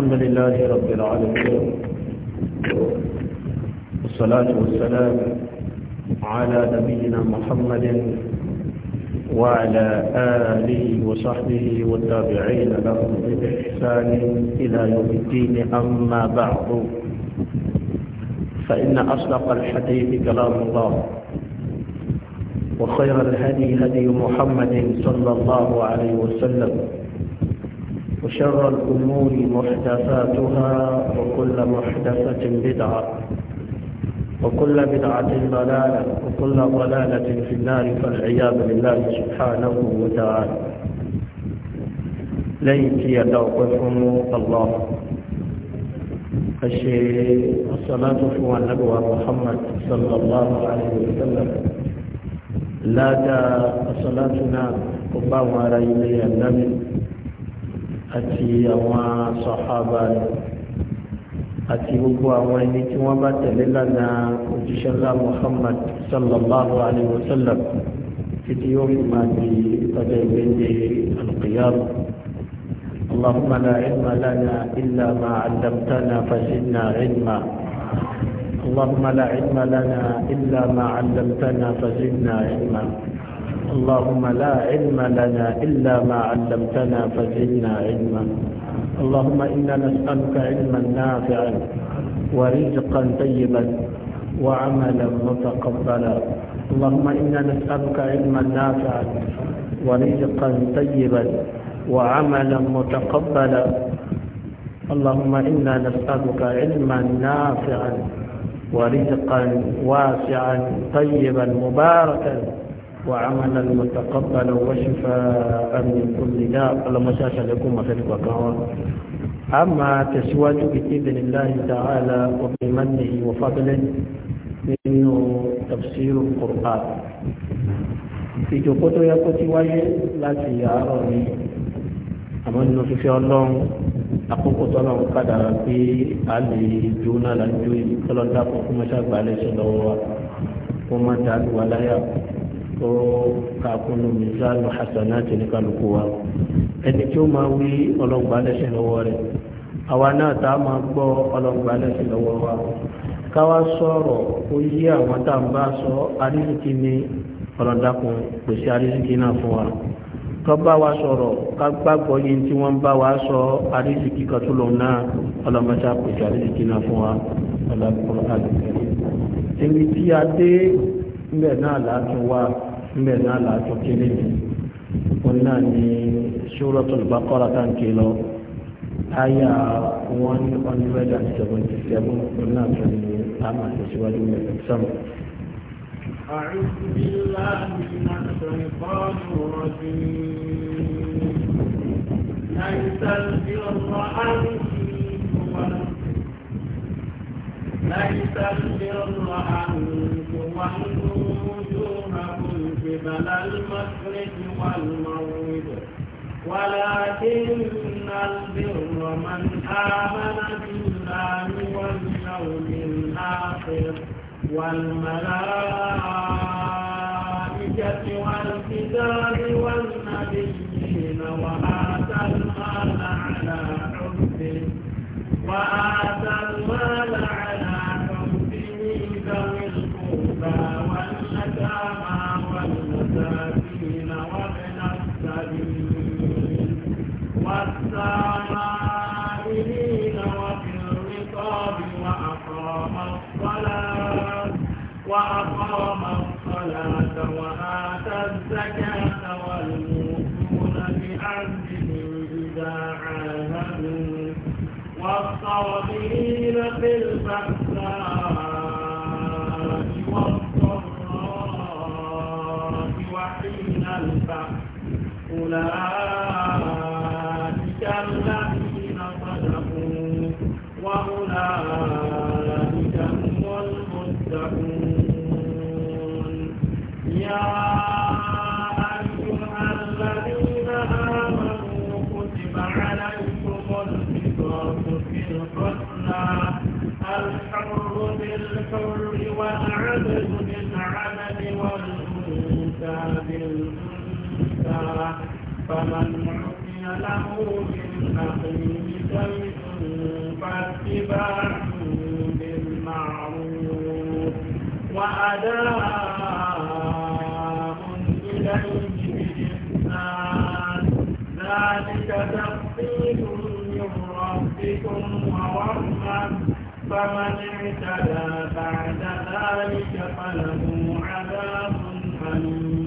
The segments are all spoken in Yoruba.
الحمد لله رب العالمين والصلاة والسلام على نبينا محمد وعلى آله وصحبه والتابعين لهم بإحسان إلى يوم الدين أما بعد فإن أصدق الحديث كلام الله وخير الهدي هدي محمد صلى الله عليه وسلم وشر الأمور محدثاتها وكل محدثة بدعة وكل بدعة ضلالة وكل ضلالة في النار فالعياذ بالله سبحانه وتعالى ليت يدعوكم الله الشيء الصلاة هو النبوة محمد صلى الله عليه وسلم لا الصلاة صلاتنا قبام على يدي النبي àti àwọn sọ̀hábà rẹ̀ àti gbogbo àwọn ẹni tí wọ́n bá tẹ̀lé lànà òjíṣẹ́ ńlá Muhammad sallallahu alayhi wa sallam títí yóò fi máa di ọjọ́ ìgbẹ́ndé alqiyama. اللهم لا علم لنا إلا ما علمتنا فزدنا علما اللهم لا علم لنا إلا ما علمتنا فزدنا علما اللهم لا علم لنا إلا ما علمتنا فزدنا علما اللهم إنا نسألك علما نافعا ورزقا طيبا وعملا متقبلا اللهم إنا نسألك علما نافعا ورزقا طيبا وعملا متقبلا اللهم إنا نسألك علما نافعا ورزقا واسعا طيبا مباركا وعملا متقبلا وشفاء من كل داء اللهم شاش لكم وفرق وكرم أما تسواج بإذن الله تعالى وبمنه وفضله nínú tafsiru Qur'an ìjòkó tó yẹ kó ti wáyé láti àárọ̀ ni àmọ́ nínú fífi ọlọ́run àkókò tọ́lọ́run kádàrá pé a lè jó náà lájú ìkọlọ́dá kókó mọ́ṣáàgbà lẹ́sẹ̀ lọ́wọ́ wa kó má dàlú wa láyà kó ó kàkúnnù mizanu hasanati ní kálukú wa ẹni tí o ma wí ọlọ́gbà lẹ́sìn lọ́wọ́ rẹ̀ àwa náà a máa gbọ́ wa káwá sọ̀rọ̀ ó yí àwọn tá à ń bá sọ arísìkí ní ọlọ́dàkùn pèsè náà fún wa tó wa sọ̀rọ̀ ká gbàgbọ́ wa sọ náà fún wa a dé náà wa. níbẹ̀ náà làájọ kéré ni wọn náà ní Suratul Baqara táǹkì lọ àyà one hundred and seventy seven wọn náà tó ní àmà tẹ̀síwájú mẹ́fẹ̀ sọ́mù. أعوذ بالله من الشيطان الرجيم ليس البر أن ليس البر أن تولوا قبل المشرق والمغرب ولكن البر من آمن بالله واليوم الآخر والملائكة والكتاب والنبيين وآتى المال على حبه وآتى المال على وأقام الصلاة وأقام الصلاة وآتى الزكاة والمؤمنون بعهدهم إذا عاهدوا والصابرين في البأساء والضراء وحين البأس أولئك فمن عمي له من أخيه شيء فاتباع بالمعروف وأداء إليه بإحسان ذلك تفصيل من ربكم ورحمة فمن اعتدى بعد ذلك فله عذاب أليم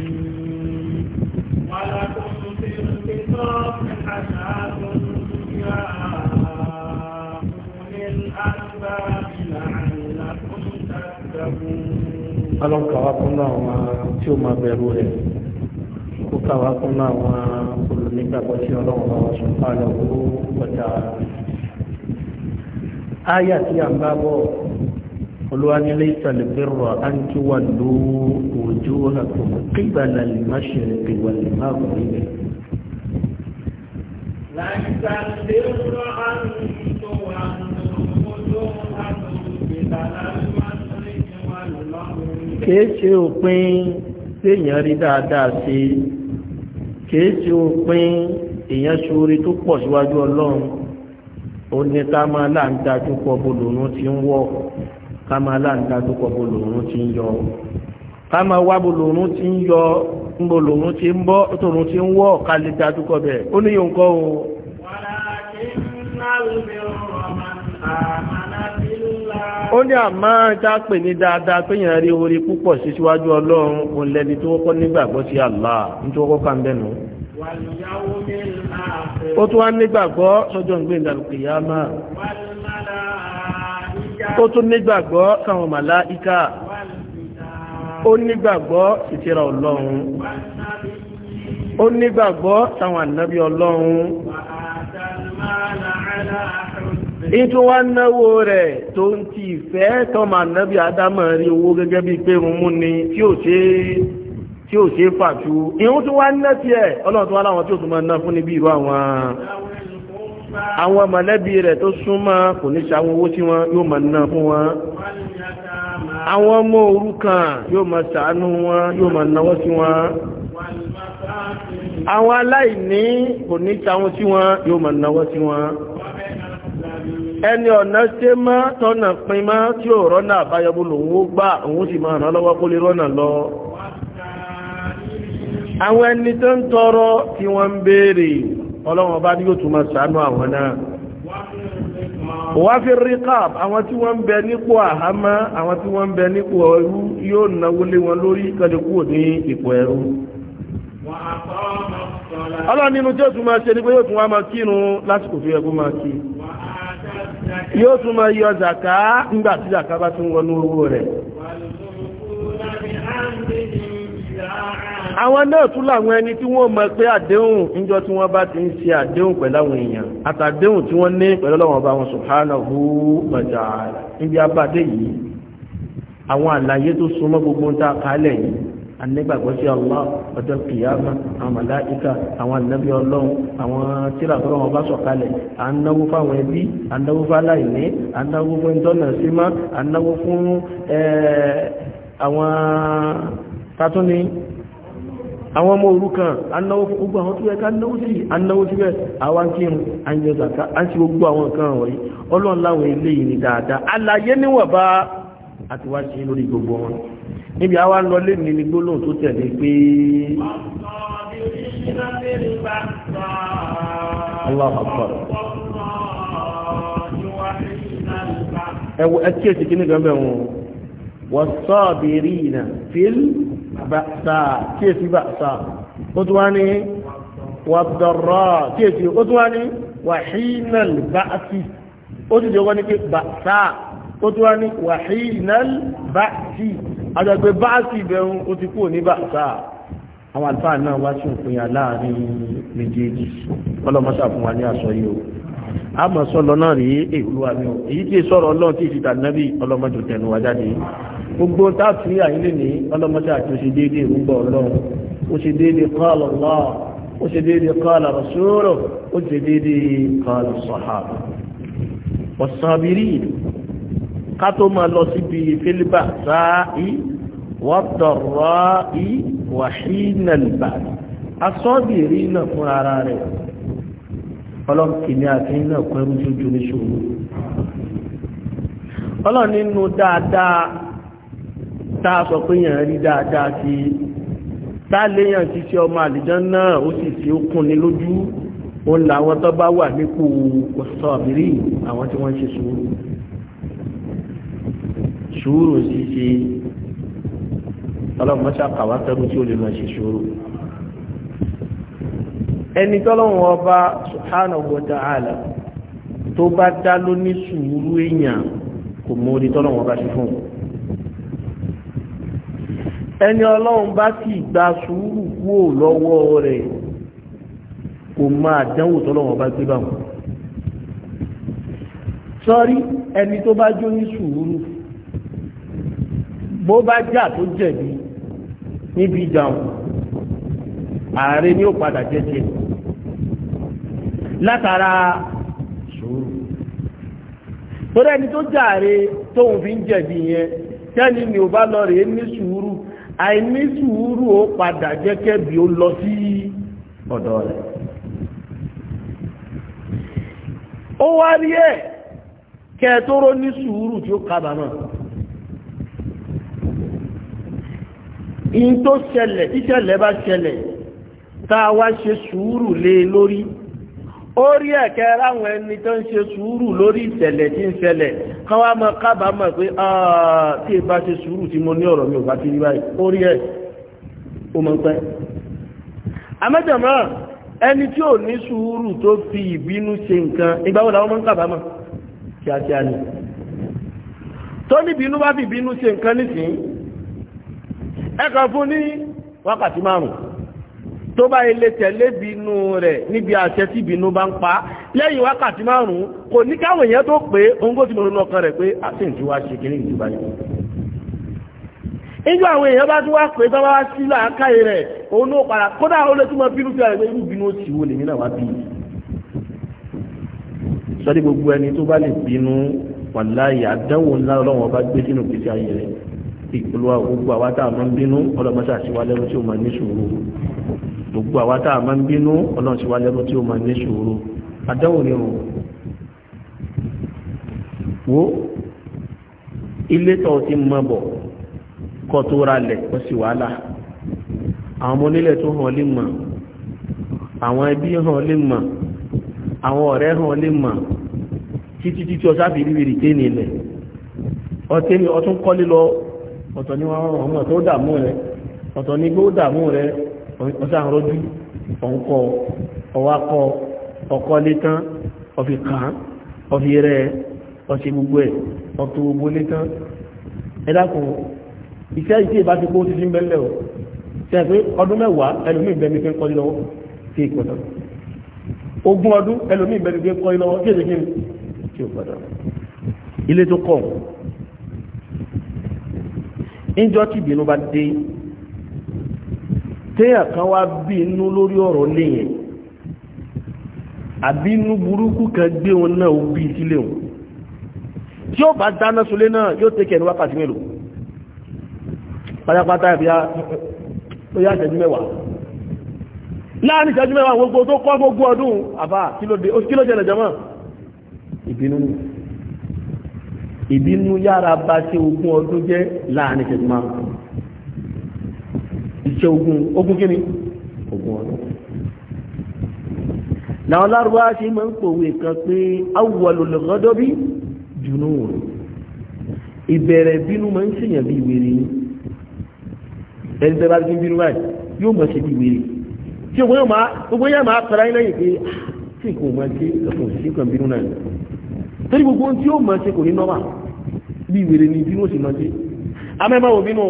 ọlọ́kàwá fún àwọn tí ó máa bẹ̀rù rẹ̀ kó kàwá fún àwọn olùnígbàgbọ́ tí ọlọ́run bá wà sọ́pá lọ́wọ́ ọjà. áyà tí a ń bá bọ̀ olùwánílé ìtàlẹ̀ bẹ̀rù àǹtí wà ló ojú ọ̀làkùn kíbalà lè má ṣe kíwà lè má rọ̀ ibẹ̀. láìsàn lè rọ àǹtí tó wà lójú ọ̀làkùn kíbalà lè má ṣe kíwà lè má rọ̀ kìí ṣe òpin téèyàn rí dáadáa sí kìí ṣe òpin èèyàn ṣoore tó pọ̀ síwájú ọlọ́run ó ní ká máa láǹdájú pọ̀ bolòrún ti ń wọ̀ ká máa láǹdájú pọ̀ bolòrún ti ń yọ ká máa wá bolòrún ti ń yọ bolòrún ti ń bọ́ tòrún ti ń wọ̀ ká lè dájú pọ̀ bẹ́ẹ̀ ó o. wàhálà kí n náà lè rọrùn ó ní àmá jápè ní dáadáa pé yẹn rí orí púpọ̀ sí síwájú ọlọ́run òun lẹni tó kọ́kọ́ nígbàgbọ́ sí Allah nítorí kọ́kọ́ kan bẹ́nu ó tún wá nígbàgbọ́ sọ́jọ́ ìgbé ìdàlùkìyàmá ó tún nígbàgbọ́ sáwọn màláíkà ó nígbàgbọ́ ìtira ọlọ́run ó nígbàgbọ́ sáwọn ànábí ọlọ́run ètò wa náwó rẹ̀ tó ń ti ìfẹ́ tọ́mà nẹ́bí adámọ̀ rí owó gẹ́gẹ́ bí pé mú ni tí ò ṣe fàtú ìhun tó wá ná tí ẹ̀ ọlọ́run aláwọ̀n tí ò tún ná fún ní bí àwọn àwọn mọ̀lẹ́bí rẹ̀ tó súnmọ́ kò ọmọ ẹni ọ̀nà ṣe má tọ́nà pin má tí ò rọ́nà àbáyọbú lòun ó gbà òun sì máa ràn lọ́wọ́ kó lè rọ́nà lọ àwọn ẹni tó ń tọrọ tí wọ́n ń ọlọ́wọ́n bá ní yóò máa ṣàánú àwọn náà wá fi ríkàb àwọn tí wọ́n ń bẹ nípò àwọn tí wọ́n ń bẹ nípò ẹrú yóò náwó lé wọn lórí kọ́lé kúrò ní ẹrú tí ó tún máa ṣe yóò tún máa yọ zàká nígbà tí zàká bá tún wọnú owó rẹ̀ àwọn náà tún làwọn ẹni tí wọ́n mọ̀ pé àdéhùn níjọ́ tí wọ́n bá ti ń ṣe àdéhùn pẹ̀láwọn èèyàn àtàdéhùn tí wọ́n ní pẹ̀lọ́lọ́wọ́n bá wọn subhanahu wa ta'ala níbi abáde yìí àwọn àlàyé tó súnmọ́ gbogbo ń ta kálẹ̀ yìí anígbàgbọ́ sí Allah ọjọ́ kìyàmá àwọn màláìka àwọn ànábì ọlọ́run àwọn tíra tó lọ́wọ́ bá sọ̀kalẹ̀ à ń náwó fáwọn ẹbí à ń náwó fáláìní à ń náwó fún ìtọ́nà símá à ń náwó fún àwọn tatúni àwọn ọmọ òrukàn anáwó fún gbogbo àwọn tó yẹ ká náwó sí anáwó síbẹ̀ àwọn kírun àyẹ̀zàká á sí gbogbo àwọn nǹkan wọ̀nyí ọlọ́run láwọn ilé ìrìn dáadáa aláyé níwọ̀n bá àtiwá sí lórí gbogbo wọn níbi àwa ń lọ lé ní ní gbólóhùn tó tẹ̀lé pé. Allahu Akbar. ẹwọ ẹtí èsì kí ní gan bẹ̀rù wọ́n sọ́ọ̀bìrì ìnà fíl bàtà kí èsì bàtà ó tún wá ní wàdọ̀rọ̀ kí èsì ó tún wá ní wàhínàl bàtì ó tún jẹ́ wọ́n ní pé bàtà ó tún wá ní wàhínàl bàtì àjàgbé báàsì ìbẹ̀rún ó ti kúrò ní bàtà àwọn àlùfáà náà wá sí òpin aláàrin méjèèjì fún wa ní àṣọ yìí o sọ́lọ náà rí mi o èyí tí sọ̀rọ̀ ọlọ́run tí ìsìta nábì ọlọ́mọdé tẹnu wa jáde gbogbo táàtì àyílè ní ọlọ́mọṣà àti ó ṣe déédéé ìrúgbọ́ ọlọ́run ó ṣe déédéé qala Allah ó ṣe déédéé qala rasuluhu ó ṣe ká tó máa lọ síbi fílíbà sáàí wọ́tọ̀rọ̀ í wàhínàlbà asọ́bìrì náà fún ara rẹ̀ ọlọ́kìnní àti iná pẹ̀lú tójú ní ṣòro ọlọ́ni nínú dáadáa táa sọ pé yàn rí dáadáa sí táàléyàn ti ṣe ọmọ àlìján náà ó sì sí okùn ní lójú ó làwọn tó bá wà nípò ọ̀sọ̀bìrì àwọn tí wọ́n ṣe sùúrù sùúrù ṣíṣe ọlọ́run mọ́ṣá kàwá sẹ́rù tí ó lè máa ṣe sùúrù ẹni tọ́lọ́run ọba subhanahu wa ta'ala tó bá dá ló ní sùúrù èèyàn kò mú orí tọ́lọ́run ọba ṣe fún un ẹni ọlọ́run bá sì gba sùúrù kúrò lọ́wọ́ rẹ̀ kò máa dánwò tọ́lọ́run bá gbé báwọn sọ́rí ẹni tó bá jó ní sùúrù bó bá jà tó jẹ̀bi níbi ìjàun ààrẹ ni ó padà jẹ́ tiẹ̀ látara sùúrù torí ẹni tó jàre tóun fi ń jẹ̀bi yẹn tẹ́ni mi ò bá lọ rèé ní sùúrù àìní sùúrù ó padà jẹ́ kẹ́bi ó lọ sí ọ̀dọ̀ rẹ̀ ó wá rí ẹ̀ kẹ́ẹ̀tọ́rọ́ ní sùúrù tí ó kábàámọ̀. in tó ṣẹlẹ̀ tíṣẹlẹ̀ bá ṣẹlẹ̀ tá a wá ṣe sùúrù lé e lórí ó rí ẹ̀kẹ́ láwọn ẹni tó ń ṣe sùúrù lórí ìṣẹ̀lẹ̀ tí ń ṣẹlẹ̀ kan wá mọ kábàámọ̀ pé tí ìbá ṣe sùúrù tí mo ní ọ̀rọ̀ mi ò bá ti rí báyìí ó rí ẹ̀ ó mọ̀ pẹ́. àmọ́jọ̀mọ́ ẹni tí ò ní sùúrù tó fi ìbínú ṣe nǹkan ìgbà wo làwọn mọ̀ ń kábàámọ̀ kíákíá ni tó níbínú bá fi ìbínú ṣe nǹkan nísìnyí ẹkàn fún ní wákàtí márùn tó bá ilé tẹ̀lé bínú rẹ̀ níbi àṣẹ tí bínú bá ń pa lẹ́yìn wákàtí márùn kò ní káwọn èèyàn tó pé ohun kó ti mọ̀rún ọkàn rẹ̀ pé àti ìjú wa ṣe kéré ìjú báyìí nígbà àwọn èèyàn bá tún wá pé tọ́ bá wá sí làákàyè rẹ̀ òun ló padà kódà ó lè túnmọ̀ bínú sí àrẹ̀ pé irú bínú ó sì wò lèmi náà wá bí sọ́dí gbogbo ẹni tó bá lè bínú wàláyà àdánwò ńlá ọlọ́wọ́n bá gbé sínú ìgbésí ayé rẹ̀ ìpolówó gbogbo àwa tá a máa ń bínú ọlọ́mọṣà sí wa lẹ́rú tí ó máa ní sùúrù gbogbo àwa tá a máa ń bínú ọlọ́run sí wa lẹ́rú tí ó máa ní sùúrù àdánwò ni o wo ilé tó ti mọ bọ̀ kọ́ tó ra lẹ̀ kó sì wàhálà àwọn ọmọ onílẹ̀ tó hàn lè mọ̀ àwọn ẹbí hàn lè mọ̀ àwọn ọ̀rẹ́ hàn lè mọ̀ títí títí ọ̀sáfì rí rìtẹ́nì ilẹ̀ ọtún kọ́lé lọ ọ̀tọ̀ ni wọ́n ọmọ tó dààmú rẹ ọ̀tọ̀ ni gbó dààmú rẹ ọ̀sán àrọ́jú ọ̀nkọ ọ̀wákọ ọ̀kọ́lé tán ọ̀fi kàn ọ̀fi rẹ ọ̀ṣẹ̀ gbogbo ẹ̀ ọ̀tọ̀ gbogbo lé tán ẹ dákun iṣẹ́ ìṣe ìbá ti kó ti fi ń bẹ́lẹ̀ o ṣe pé ọdún mẹ́wàá ẹlòmíì bẹ́ẹ̀ mi fi ń kọ́ lọ́wọ́ sí ìpọ̀tọ̀ ogún ọdún ẹlòmíì bẹ́ẹ̀ mi fi ń kọ́ lọ́wọ́ kí ni tí ilé tó kọ̀ níjọ́ tí ìbínú bá dé téèyàn kan wá bí inú lórí ọ̀rọ̀ léyìn àbí inú burúkú kan gbé wọn náà ó bí sílé wọn tí ó bá dáná sulé náà yóò tẹ́kẹ̀ ní wákàtí mélòó pátápátá ìbíyá ó yá ìṣẹ́jú mẹ́wàá láàrin ìṣẹ́jú mẹ́wàá gbogbo tó kọ́ gbogbo ọdún ìbínú yára bá ṣe ogún ọdún jẹ́ láàrin ìṣẹ́jú márùn-ún ìṣẹ́ ogún ogún kí ni ogún ọdún làwọn lárúbá ṣe máa ń pòwe kan pé awwalul ghadabi junun ìbẹ̀rẹ̀ bínú máa ń ṣèyàn bí wèrè ni ẹni tẹ́ ti bínú báyìí yóò mọ̀ ṣe bí wèrè tí ògbóyàn máa tẹ̀ra yín lẹ́yìn pé tí nǹkan ò máa ṣe ẹ̀sùn òṣìṣẹ́ kan bínú náà ni torí gbogbo ohun tí ó máa ṣe kò ní nọ́mà bí ìwèrè ni bínú òṣì máa ṣe amẹ́mọ́ ò bínú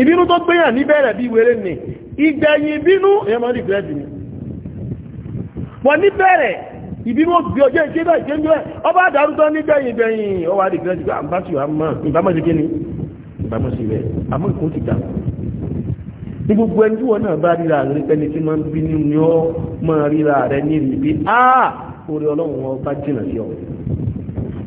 ìbínú tó gbéyàn níbẹ̀rẹ̀ bí ìwèrè ni ìgbẹ̀yìn bínú èèyàn máa ń rìgbẹ́ bínú wọ́n níbẹ̀rẹ̀ ìbínú òbí ọjọ́ ìṣe náà ìṣe ń jẹ́ ọba àdárútọ́ nígbẹ̀yìn ìgbẹ̀yìn ọwọ́ àdìgbẹ́ ní gbogbo ẹni tí wọ́n náà bá ríra rẹ̀ pẹ́ni tí máa ń bí ní ní ọ́ máa ríra rẹ̀ ní ìrìn pé á orí ọlọ́run wọn bá jìnà sí ọ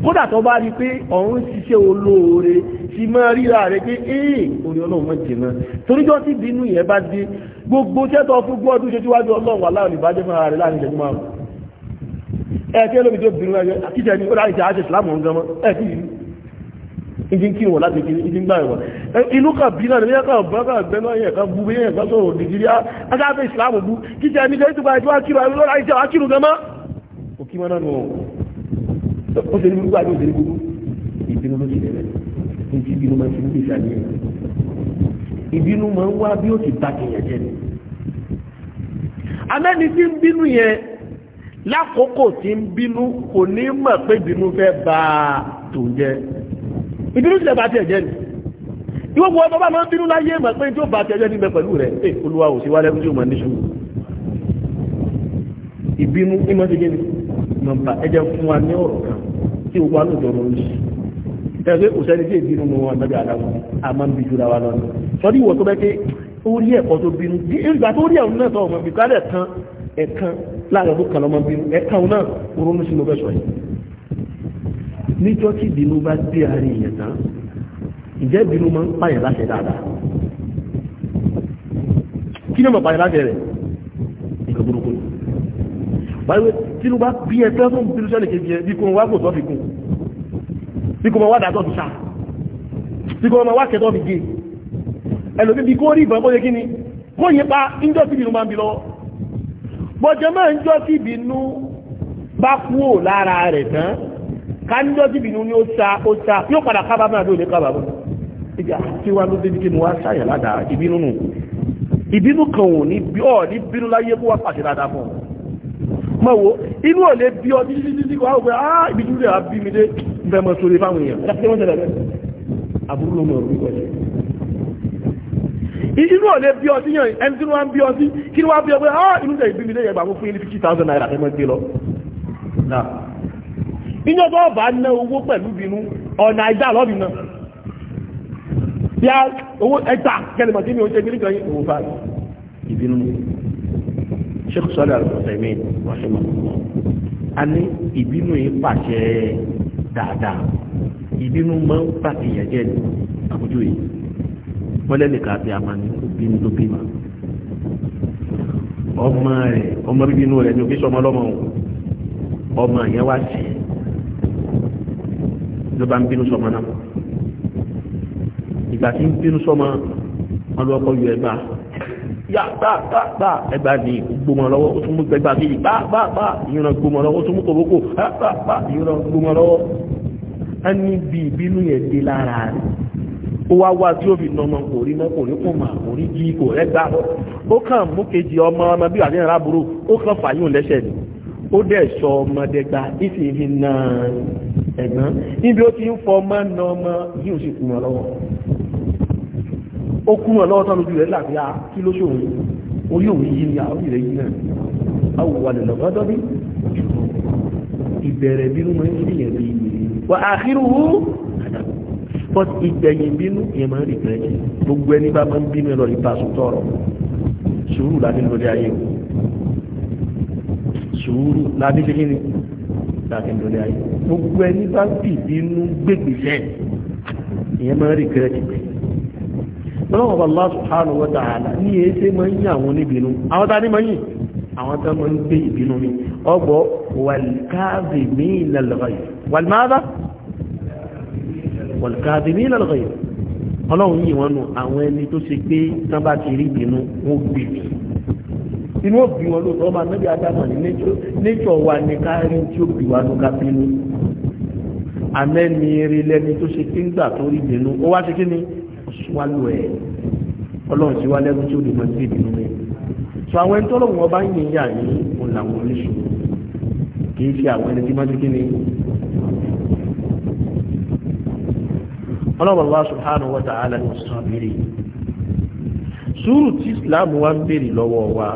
kódà tó bá rí pé ọ̀run ṣiṣẹ́ olóore ti máa ríra rẹ̀ pé ee orí ọlọ́run wọn jìnà toríjọ́ tí bínú yẹn bá dé gbogbo tẹ́tọ̀ fún gbọ́dún ṣe tíwájú ọlọ́run wà láàrin ìbájẹ́ fún ara rẹ̀ láàrin ìṣẹ́jú márùn-ún ẹ̀ẹ́kẹ́ lómi tó bínú ẹ̀yọ ìdí kí wọ̀ láti kiri ìdí gbà ẹ̀wọ̀ inú kà bí náà níyà kà bá kà bẹ́ẹ̀ náà yẹ ká bú bí yẹ ká sọ̀rọ̀ nìjírí agáfẹ́ ìsìlámù bú kí jẹ́ ní kẹ́sì báyìí tí wàá kírun àbí lọ́la ìjẹ́ wàá kírun gan mọ́. ó kí wọn náà nù ó ṣe ní gbogbo àti òṣèlú gbogbo ìbínú ló ti rẹ̀ ní ti ìbínú máa ń fi ní gbèsè àníyàn ìbínú máa ń wá bí ó ti bá kẹyàn jẹ ni. amẹ́ni tí ń bínú yẹn lákòókò tí ń bínú kò ní mọ̀ pé bínú fẹ́ bà tòun jẹ́ ìbínú sílẹ̀ bá tiẹ̀ jẹ́ ni ìwọ wo ọmọ bá máa ń bínú láyé mọ̀ pé tí ó bá tiẹ̀ jẹ́ níbẹ̀ pẹ̀lú rẹ̀ ẹ olúwa ò sí wálé tí ó mọ̀ ní sùúrù ìbínú ìmọ̀ ti gẹ́ni nọmba ẹjẹ fún wa ní ọ̀rọ̀ kan tí ó wà lóòjọ́ ló ń ṣe ẹgbẹ́ a máa ń bí jura wa lọ́nà sọdí ìwọ tó bẹ́ pé ó rí ẹ̀kọ́ tó bínú ìgbà tó rí ẹ̀hún náà sọ ọmọ bìkálẹ̀ kan ẹ̀kan láàrin ọdún kan lọ́mọ bínú ẹ̀kan náà orónú níjọ́ tí ìbínú bá dé àárín èèyàn tán ìjẹ́ ìbínú máa ń pààyàn láṣẹ dáadáa kí ni mo pààyàn láṣẹ rẹ̀ nǹkan burúkú báyìí tí ló bá bí ẹ fẹ́ fún bílú sẹ́lẹ̀ kejì ẹ bí kò wá kò tọ́ fi kù bí kò wá dàtọ́ fi sá bí kò wá kẹtọ́ fi gé ẹlòmí bí kò rí ìbọn bóyẹ kí ni kó yẹ pa ìjọ́ tí ìbínú máa ń bi lọ́wọ́ bọ́jọ́ máa ń jọ́ tí ìbínú bá kúò lára rẹ̀ tán kánídọ́ tí bìnú ni ó ta ó ta yóò padà kábà máa lóde kábà mọ́ ìjà tí wàá ló débi kí mo wá ṣàyà ládàá ìbínú nù ìbínú kan ò ní bí ọ ní bínú láyé kó wá pàṣẹ dáadáa fún ọ mọ wo inú ò bí ọ títí títí tí kò wá wò pé ah ibi tí ó lè wá bí mi dé n fẹ́ mọ sórí fáwọn èèyàn láti wọ́n tẹ̀lé bẹ́ẹ̀ àbúrò ló mọ̀ orí kọjá inú ò bí ọ ah inú tẹ̀ ìbí mi dé yẹn fifty thousand naira fẹ́ mọ́ gbé lọ níjọ́ tó bá ná owó pẹ̀lú bínú ọ̀nà ìdá lọ́bì náà bí a owó ẹta kẹlẹ̀mọ̀ tí mi ò ṣe gírí kan yìí owó bá ìbínú Sheikh Salih Al-Uthaymin rahimahullah a ní ìbínú yìí pàṣẹ dáadáa ìbínú máa ń pa èèyàn jẹ́ ní àbújọ yìí wọ́n lẹ́nìkan àti àmà ní bínú tó bímọ ọmọ rẹ̀ ọmọ bíbínú rẹ̀ ní òkè sọmọ lọ́mọ ọmọ yẹn wá sí i ló bá ń bínú sọmọ náà ìgbà tí ń bínú sọmọ wọn lọ kọ yọ ẹgbà yá gbàgbàgbà ẹgbà ní gbọmọ lọ́wọ́ ó tún mú gbẹgbà bíi gbàgbàgbà ìyọ̀nà gbọmọ lọ́wọ́ ó tún mú kòrókò gbàgbàgbà ìyọ̀nà gbọmọ lọ́wọ́ á ní bí ìbínú yẹn dé lára rẹ̀ ó wá wá tí ó fi nọmọ kò rí mọ́ kò rí kò mà kò rí jí kò rẹ́ gbà ó kàn mú kejì ọmọ ọmọ bí àdéhùn aráburú ó kàn fàyún lẹ́sẹ̀ ni ó dẹ̀ sọ ọmọdé gba ìfìhìn náà ẹ̀gbọ́n níbi ó ti ń fọ ọmọ na ọmọ yìí ò sì kùn wọn lọ́wọ́ ó kùn wọn lọ́wọ́ tán lójú rẹ̀ láti á ah, kí ló ṣòro orí òun yìí ni àwọn ìrẹ́ yìí náà awò wà lẹ̀ lọ́gọ́dọ́ bí ìbẹ̀rẹ̀ bínú máa ń ṣèyàn bí ìgbèrè wà àkírù hù but ìgbẹ̀yìn bínú yẹn máa ń rí bẹ́ẹ̀ gbogbo ẹni bá máa ń bínú ẹ lọ rí paṣọ tọrọ sùúrù láti lórí ayé sùúrù láti ṣe kí ayé gbogbo ẹni bá ń fìdí inú gbègbèsẹ̀ ìyẹn máa ń rí kẹrẹ́tì pé lọ́wọ́ bá Allah subhanahu wa ta'ala ní èéṣe máa ń yìn àwọn oníbìnú àwọn tá ní máa ń yìn àwọn tá máa ń gbé ìbínú mi ọgbọ́ wàlkáàbìmínà lọ́gàyè wàlmáàdá wàlkáàbìmínà lọ́gàyè ọlọ́run yìí wọn nù àwọn ẹni tó ṣe pé tán bá ti rí ìbínú wọn gbèbí inú òbí wọn lóòótọ́ ọmọ anábì adama ní nature wa ní kárí tí ó bì wá ló ká bínú amẹ́niire lẹ́ni tó ṣe kí ń gbà tó rí bínú ó wá ṣe kí ni ṣíwálò ẹ̀ ọlọ́run ṣíwá lẹ́nu tí ó lè mọ sí ìbínú rẹ̀ sọ àwọn ẹni tọ́lọ̀ wọn bá ń yin yà ní òun làwọn oníṣòwò kì í ṣe àwọn ẹni tí má ṣe kí ọlọ́run Allah subhanahu wa ta'ala ní ọ̀sán bèrè sùúrù tí Islam wa ń bèrè lọ́wọ́ wa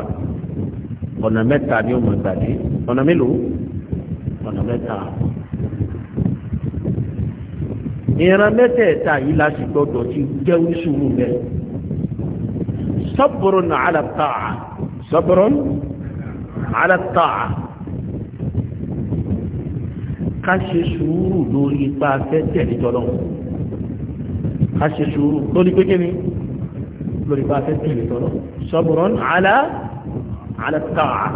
ọ̀nà mẹ́ta ni ó mọ̀ gbàdé ọ̀nà mélòó ọ̀nà mẹ́ta. ìran mẹ́tẹ̀ẹ̀ta yìí la sì gbọ́dọ̀ ti jẹ́ oníṣòwò rẹ̀ sabrun ala ta'a sabrun ala ta'a ká ṣe sùúrù lórí ipa fẹ́ tẹ̀lé tọ́lọ́ ká ṣe sùúrù lórí pé kí ni lórí ipa fẹ́ tẹ̀lé tọ́lọ́ sabrun ala ta'a. على الطاعة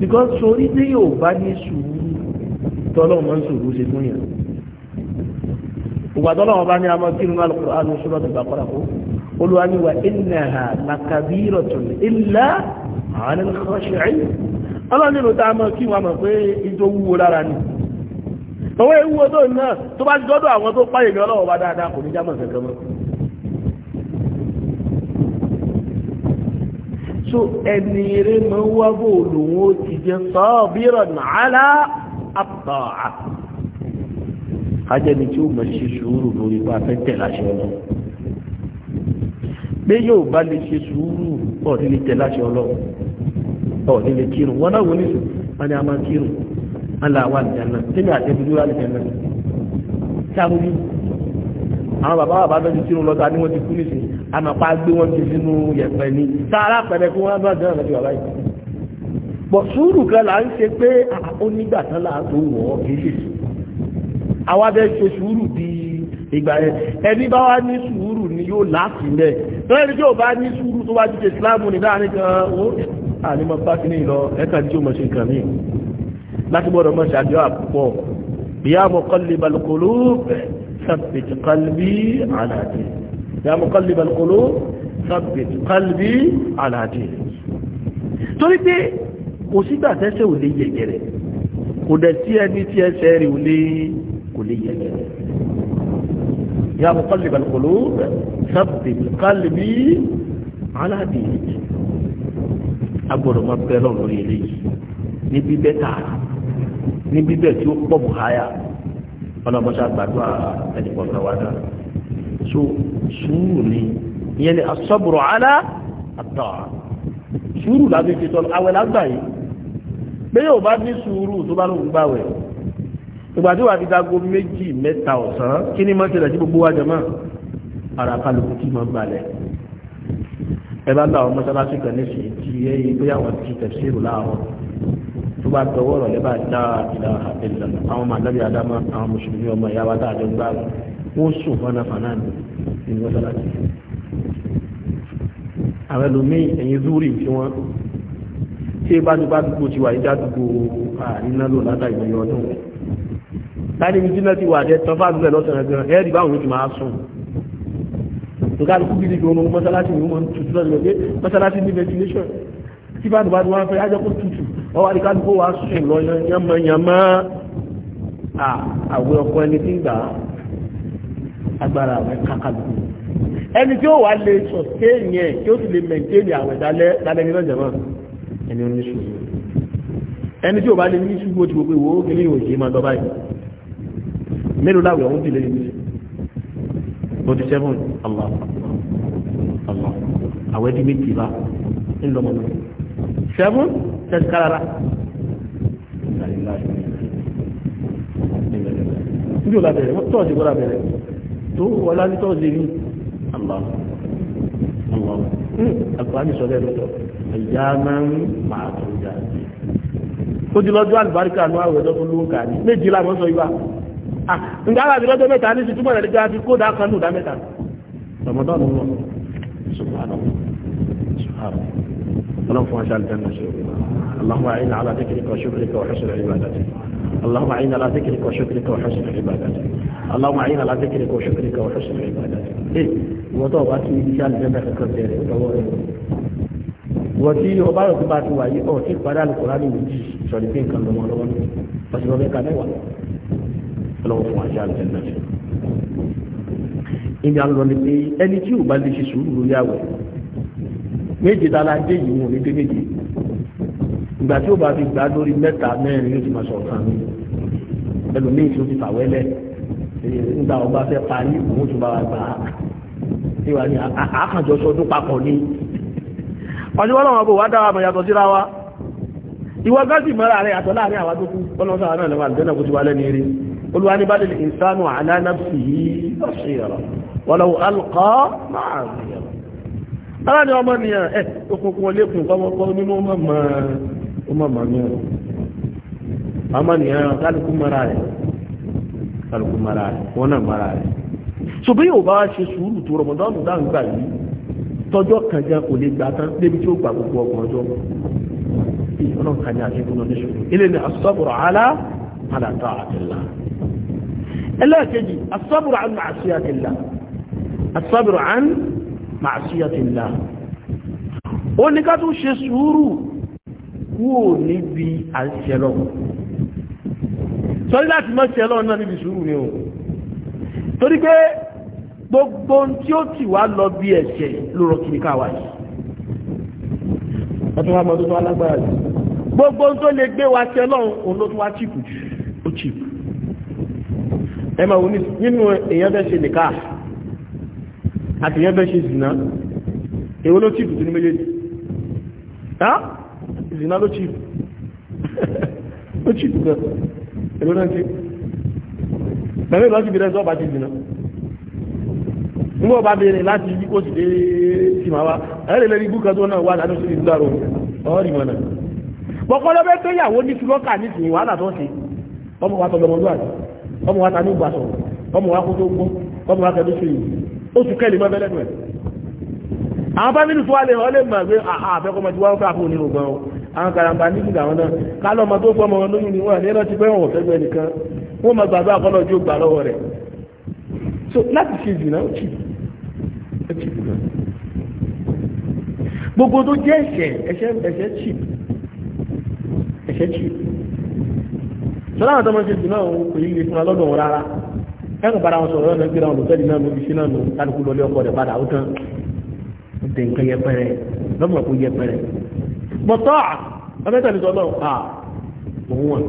because sori tí yóò bá ní sùúrù tọ́lọ́ máa ń sùúrù ṣe fún yàn ìgbàdọ́lọ́ wọn bá ní amọ́ kí nínú Al-Qur'an sura al-Baqara kó Olúwa ní wa innaha lakabiratun illa 'ala al-khashi'in ọlọ́run nínú tá a mọ̀ kí wọ́n mọ̀ pé ìjọ wúwo lára ni owó ewu odó náà tó bá ti dọ́dọ̀ àwọn tó páyè ní ọlọ́wọ́ bá dáadáa kò ní jámọ̀ kankan mọ́ so ẹni eré máa ń wá bò lòun ó ti jẹ́ sabiran ala at-ta'a ajẹ́ni tí ó mọ̀ ṣe sùúrù lórí bá fẹ́ tẹ̀lé àṣẹ ọlọ́run pé yóò bá lè ṣe sùúrù ọ̀ní lè tẹ̀lé àṣẹ ọlọ́run ọ̀ní lè kírun wọn náà wọ ní àmàpá gbé wọn ti sínú yẹ̀pẹ̀ ni sáárà pẹ̀lẹ́ kí wọ́n bá dán ọ̀rẹ́ bàbá yìí bọ̀ sùúrù kan là ń ṣe pé onígbà ah, tán là ń tó wọ̀ ọ́ kì í ṣe sùúrù àwa bẹ ṣe sùúrù di ìgbà yẹn ẹni bá wá ní sùúrù ni yóò láti mẹ́ lọ́yìn tí ò bá ní sùúrù tó bá ti ṣe ìsìláàmù ní láàrin kan ó ànímọ̀ ah, bá kí ní ìlọ tí ó mọ̀ ṣe nǹkan mí láti gbọ́dọ̀ mọ̀ ṣàjọ́ àpọ̀ ìyá mọ̀ kọ́lé balùkọ́lù sàpèjì kọ́lé bí àlàdé ya muqallib al-qulub thabbit qalbi ala dinik torí pé kò sígbà tẹ́sẹ̀ ò lè yẹ̀gẹ̀rẹ̀ kò dẹ̀ sí ẹni tí ẹsẹ̀ rí kò lè yẹ̀gẹ̀rẹ̀ ya muqallib al-qulub thabbit qalbi ala dinik agbọ̀dọ̀ máa bẹ́ lọ́rùn lórí eléyìí ní bíbẹ́ tààrà ní bíbẹ́ tí ó pọ̀ bù háyà ọlọ́mọṣẹ́ àgbàdo ẹnìkan kan wá náà so sùúrù ni ìyẹn ni asọ́bùrù alá àtà sùúrù lábẹ́ fi tọ́lọ àwẹ̀ lágbà yìí pé yóò bá ní sùúrù tó bá lóun gbà wẹ̀ ìgbà tí wà á fi dago méjì mẹ́ta ọ̀sán kí ni máa tẹ̀lẹ̀ sí gbogbo wa jẹ̀mọ́ ara kálukú tí máa balẹ̀ ẹ bá gba àwọn mọ́sálásí kan ní sí ti ẹ yí pé àwọn ti tẹ̀síìrù láàárọ̀ tó bá tọwọ́ rọ̀ lẹ́bàá dáa ìlà àbẹ̀lẹ̀ àwọn màdábí adámọ́ àwọn mùsùlùmí ọmọ ìyá wa dáa jọ gbáàgbọ́ wọ́n sùn fanáfaná ní ìlú mọ́sálásí àwọn ẹlòmíì ẹ̀yìn zúrì tí wọ́n tí bá ti bá dúgbò ti wà ní dádúgbò àríná lò látà ìgbẹ̀yẹ ọdún láti ibi tí náà ti wà jẹ́ tán fáàdù rẹ̀ lọ́sàn ẹgbẹ̀rún ẹ̀ẹ́dì báwọn yóò ti máa sùn nǹkan kú gidi gan ọmọ mọ́sálásí ni wọ́n tutù lọ́dún pé mọ́sálásí ní ventilation tí bá dùbá wọn fẹ́ ajọ́ kó tutù ọwọ́ àdìká dúgbò wa sùn lọ yánmọ́ yánmọ́ àwẹ̀ ọkọ ẹni tí ń gbà á agbára àwẹ̀ kàkàlùkù ẹni tí ó wà lè sustain yẹn tí ó sì lè maintain àwẹ̀ dálẹ́ dálẹ́ ní lọ́jọ́ náà ẹni ó ní ṣùgbọ́n ẹni tí ó bá lè ní ṣùgbọ́n ti gbogbo ìwò ní òjì máa lọ báyìí mélòó láwẹ̀ ọ̀hún ti lè ní forty seven allah allah àwẹ̀ di méjì bá ńlọmọ náà seven tẹ̀síkárára ní ìjọba bẹ̀rẹ̀ tọ́ọ̀sì gbọ́dọ̀ bẹ̀rẹ̀ tó wọlá ní tọ́sí ní àbáwọ̀ àbáwọ̀ àkùránì sọ bẹ́ẹ̀ lọ́tọ̀ ẹ̀yà máa ń máa tó dà sí. ó di lọ́jọ́ àlùbáríkà ní àwẹ̀ lọ́tọ́ ló ń kà ní méjì láwọn sọ ibà ah, ǹgbà àti lọ́jọ́ mẹ́ta ní ìtumọ̀ rẹ̀ nígbà fi kódà kan lù dá mẹ́ta على ذكرك وشكرك وحسن عبادتك اللهم اعنا على ذكرك وشكرك وحسن عبادتك اللهم اعنا على ذكرك وشكرك وحسن عبادتك ايه وضوء واسي مثال جنبك كبير wọ́tí ọba yóò tó bá ti wà yí ọ̀ tí padà Al-Kùránì méjì sọ̀rọ̀ pé nǹkan lọ́mọ lọ́wọ́ ní ọ̀sìn ọbẹ̀ ká mẹ́wàá lọ́wọ́ fún àṣà àlùjẹ́nà sí. ìgbà ń lọ ni pé ẹni tí ò bá lè ṣe sùúrù lórí àwẹ̀ méje dára dé yìí wọn ò ní dé méje ìgbà tí ó bá fi gbà lórí mẹ́ta mẹ́rin yóò ti máa sọ̀rọ̀ kan mi ẹlòmíì tó ti fàwẹ́lẹ̀ nígbà ọba fẹ́ parí òun tó bá wa gbà á tí wàá ní àkànjọ sọdún papọ̀ ni ọdún wọn làwọn bò wá dára àmọ̀ yàtọ̀ síra wa ìwọ gásì mọ́ra rẹ̀ yàtọ̀ láàrin àwa tó kú ọlọ́run sáà náà lọ́wọ́ àlùjọ́nà kó ti wá lẹ́nu eré olúwa ní bàdé ìsánù àlá nafsihi basira walau alqa máa rìn ọ̀rọ̀ ni ọmọ nìyàn ẹ̀ ọmọnìyàn kálukú mara rẹ̀ kálukú mara rẹ̀ wọ́n náà mara rẹ̀ so bí yóò bá ṣe sùúrù tó rọmọdánù dáhùn gbà yìí tọjọ́ kan jẹ́ kò lè gbà tán débi tí ó gbà gbogbo ọgbọ̀n ọjọ́ ọlọ́run kan ní àṣekúnná ní ṣòro ilé ni asọ́bùrọ̀ alá alàtà àtìlá ẹlẹ́ẹ̀kejì asọ́bùrọ̀ àmì àṣíyàtìlá asọ́bùrọ̀ àmì màṣíyàtìlá ó ní ká tún ṣe sùúrù kúrò níbi àṣẹlọ́wọ́ sọ láti mọ́ sí ẹlọ́run náà níbi sùúrù ni o torí pé gbogbo tí ó tì wá lọ bí ẹ̀ṣẹ̀ ló rọ kiri káwa yìí ọtún wa mọ tó tó alágbára yìí gbogbo ohun tó lè gbé wa sí ẹlọ́run òun ló tún wá chìpù jù ó chìpù ẹ máa wọ nínú èèyàn fẹ́ ṣe nìka àti èèyàn fẹ́ ṣe zìnà èwo ló chìpù tó ní méjèèjì zìnà ló chìpù ó chìpù gan-an èlò náà ti pẹ̀lú ìlọ́sí ìbílẹ̀ sọ́ọ̀bà ti dìnnà nígbà bá bèèrè láti ibi kó sì dé sí màá wá ẹ̀rẹ́ lẹ́rí ibú kan tó náà wá láti sí ìdúrà rò ọ́rì mọ̀nà bọ́kọ́ lọ́bẹ́ pé ìyàwó ní fúlọ́kà ní ìsìn wàhálà tó ṣe ọmọ wa tọ́lọmọ lúwàdì ọmọ wa ta ní o ọmọ wa kó tó gbó ọmọ wa kẹ́lú ṣe oṣù kẹ́lì mọ́ bẹ́lẹ́dùn ẹ̀ àwọn bá mílù tó wà lè a lè mọ̀ pé àfẹ́kọ́mọ́ ti wá ń fẹ́ àfọ́ onírògbọ́n àwọn karamba níbi làwọn náà kálọ̀ ọmọ tó fọmọ wọn lóyún ni wọn àní ẹlọ́tí pé wọn ò fẹ́ gbẹ nìkan wọn máa gbàgbọ́ àkọlọ́ ojú gbà lọ́wọ́ rẹ̀ so láti ṣe ìdìnnà ó chìpù ó chìpù náà gbogbo tó jẹ́ ẹ̀ṣẹ̀ ẹ̀ṣẹ̀ ẹ̀ṣẹ̀ chìpù ẹ̀ṣẹ̀ chìpù sọlá àwọn tọmọ ṣe ìdìnnà òun kò yí lè fún wa lọ́dọ̀ wọn rárá ẹ̀rù bára wọn sọ̀rọ̀ ọ̀nà gbéra bọ̀tọ́ àmẹ́tẹ̀lẹ̀ sọ́lọ́ à òun wọn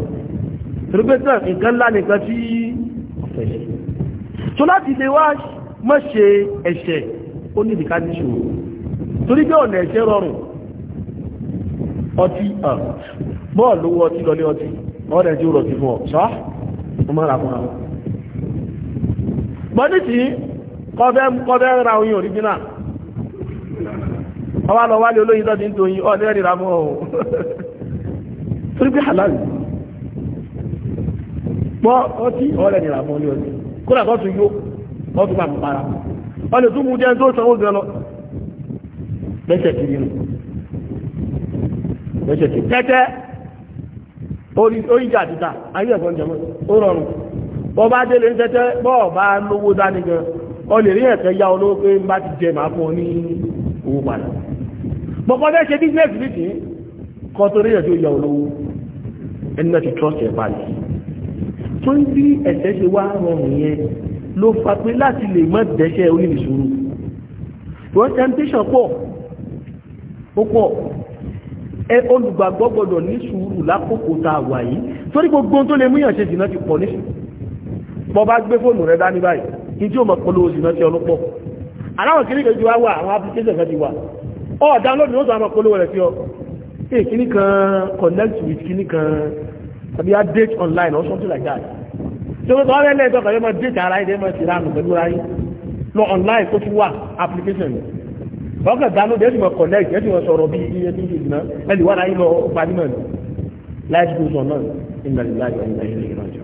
tìrìpẹ́tẹ̀ nǹkan ńlá nìkan tí ọ̀fẹ́ṣẹ̀ tó láti lè wá mọ́ ṣe ẹ̀ṣẹ̀ ó ní ìdíká ní ṣòro torí pé ọ̀nà ẹ̀ṣẹ̀ rọrùn ọtí bọ́ọ̀lù owó ọtí lọlé ọtí ọ̀rẹ́ tí ó rọ̀ sí fún ọ sọ́ ọ fún ọ bọ́dí tí kọ́fẹ́ ra oyin òrìjínà ọwá lọ wálé olóyin tó ti ń toyin ọ̀ lẹ́rìí ra mọ́ ọ̀ torí pé ọtí ọ̀rẹ́ mọ́ ní yó para lè mú jẹ́ tó sanwó gan lọ lẹ́sẹ̀ kiri nù lẹ́sẹ̀ kiri tẹ́tẹ́ ayé ó rọrùn bọ́ bá délé ń tẹ́tẹ́ bọ́ bá lówó bọ́kọ́dẹ́ ṣe business nìtì kọ́ torí ẹ̀ tó yọ olówó ẹni náà ti trust ẹ̀ balẹ̀ tó ń bí ẹ̀ṣẹ̀ ṣe wá rọrùn yẹn ló fa pé láti lè mọ́ dẹ́ṣẹ̀ oníbìsúrú wọ́n temptation pọ̀ ó pọ̀ ẹ olùgbàgbọ́ gbọ́dọ̀ ní sùúrù lákòókò ta a wà yìí torí gbogbo tó lè múyàn ṣe jìnnà ti pọ̀ nísìn bọ́ bá gbé fóònù rẹ dání báyìí ní tí ó mọ̀ polówó jìnnà ti ọlọ́pọ̀ aláwọ̀ kiri kejì wá wà àwọn application kan ti wà ọ download ní ó sọ àwọn polówó rẹ̀ fi ọ hey kìíní kan connect with kìíní kan tàbí a date online or something like that tí ó sọ ọ́rẹ́ lẹ́ẹ̀tọ́ kàrí ọmọ date ara ẹ̀dẹ́ máa ti ra àmì pẹ̀lú ráyé lọ online tó fi wà application ọkọ̀ download ẹ̀sìn wọn connect ẹ̀sìn wọn sọ̀rọ̀ bí iye bí ìgbìmọ̀ ẹ̀lì wà láyé lọ gbajúmọ̀ láìsí gbòsàn náà ìgbàlè láìsí ìgbàlè ìrìnàjò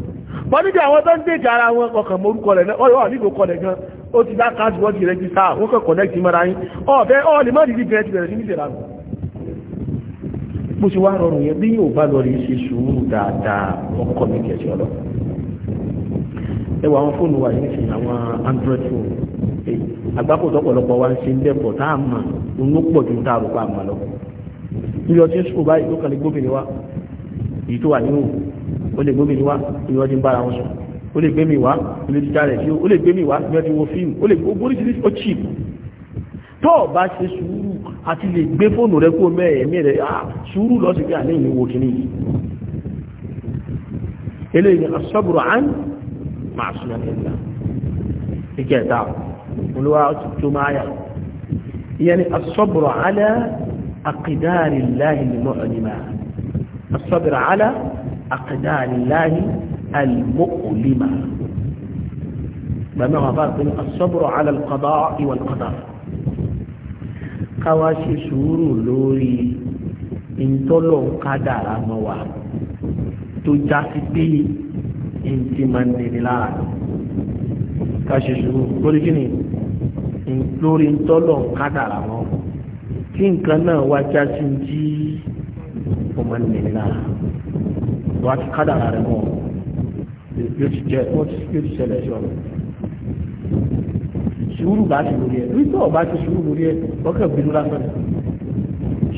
bọ́ níbi àwọn tó ń dèjà ara wọn ọkàn morúkọ rẹ̀ náà ọ̀rọ̀ nílò kọlẹ̀ gan ó ti dá káàsì wọ́n ti rẹ́jísà wọ́n kàn kọ̀lẹ́kì mọ́ra yín ọ̀fẹ́ ọ̀lẹ̀ mọ́ ìdíjì bẹ̀rẹ̀ ti bẹ̀rẹ̀ sí ní ìṣẹ̀lá mo ti wá rọrùn yẹn bí yóò bá lọ rí ṣe sùúrù dáadáa ọkọ̀ mi kẹ̀sì ọlọ́ ẹwà àwọn fóònù wa yìí fi àwọn android phone agbákòtò ọ̀pọ̀lọpọ̀ wa ń ṣe ń dẹ́pọ̀ tá a mọ̀ ń pọ̀ ju tá a rò pa àmọ́ lọ ilé ọtí sùkúl báyìí ló kàn lè gbóbìnrin wa èyí tó wà nínú ó lè gbómi wá ní wọ́n ti ń bára wọn sọ ó lè gbé mi wá ilé títà rẹ̀ sí ó lè gbé mi wá ní wọ́n ti wo fíìmù ó lè gbogbo oríṣiríṣi ó chip tó o bá ṣe sùúrù àti lè gbé fóònù rẹ kó mẹ́ẹ̀ẹ́mí rẹ̀ ah, sùúrù lọ́sí pé àlẹ́ ìníwó kìíní yìí eléyìí asọ́bùrù àn máa sùn àtẹ̀lá ìkẹta olúwa tó máa yà ìyẹn ni asọ́bùrù alẹ́ àkìdáàrí mọ́ ọ̀nìmá asọ́bùrù alẹ́ àkàdáàláhi àlùmọ́kùlímà gbàmí àwọn afáàfin asọ́bùrọ̀ alàlùkọ́dá ìwàlùkọ́dá káwá ṣe sùúrù lórí ìtọ́lọ̀ kádàrá mọ́ wa tó já sí pé ìntì máa ń dèrè lára ká ṣe sùúrù lórí kí ni lórí ìtọ́lọ̀ kádàrá mọ́ kí nǹkan náà wá já sí ti ọmọ nìyẹn wà á ti kádàrà rẹ̀ mọ́ yóò ti jẹ́ yóò ti ṣẹlẹ̀ sí ọ̀rọ̀ sùúrù bá ti lórí ẹ̀ nígbà ọba ti sùúrù lórí ẹ̀ ọkọ̀ bínú lásán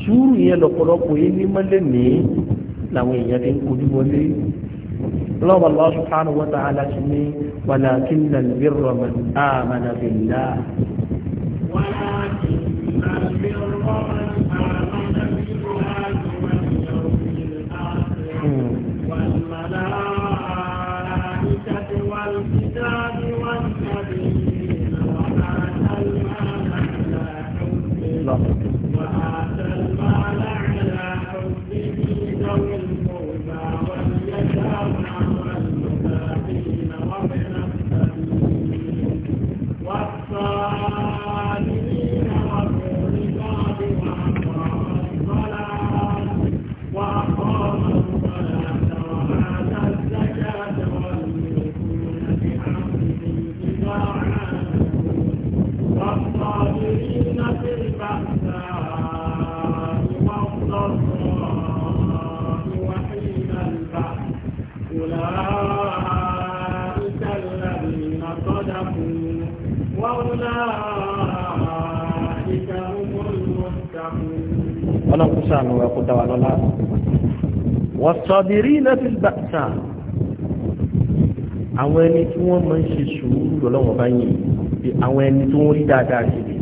sùúrù yẹn lọ́pọ̀lọpọ̀ yìí ní mọ́lẹ̀ ní làwọn èèyàn ti ń kojú wọlé lọ́wọ́ Allah subhanahu wa ta'ala ti ní walakinna al-birra man amana billah. walakinna al-birra man amana. الله sànù ẹ̀kú dáwà lọ́lá wọ̀sọ̀bìrí lẹ́fì bàtà àwọn ẹni tí wọ́n máa ń ṣe sùúrù lọ́wọ́ báyìí àwọn ẹni tí wọ́n rí dáadáa ṣe lè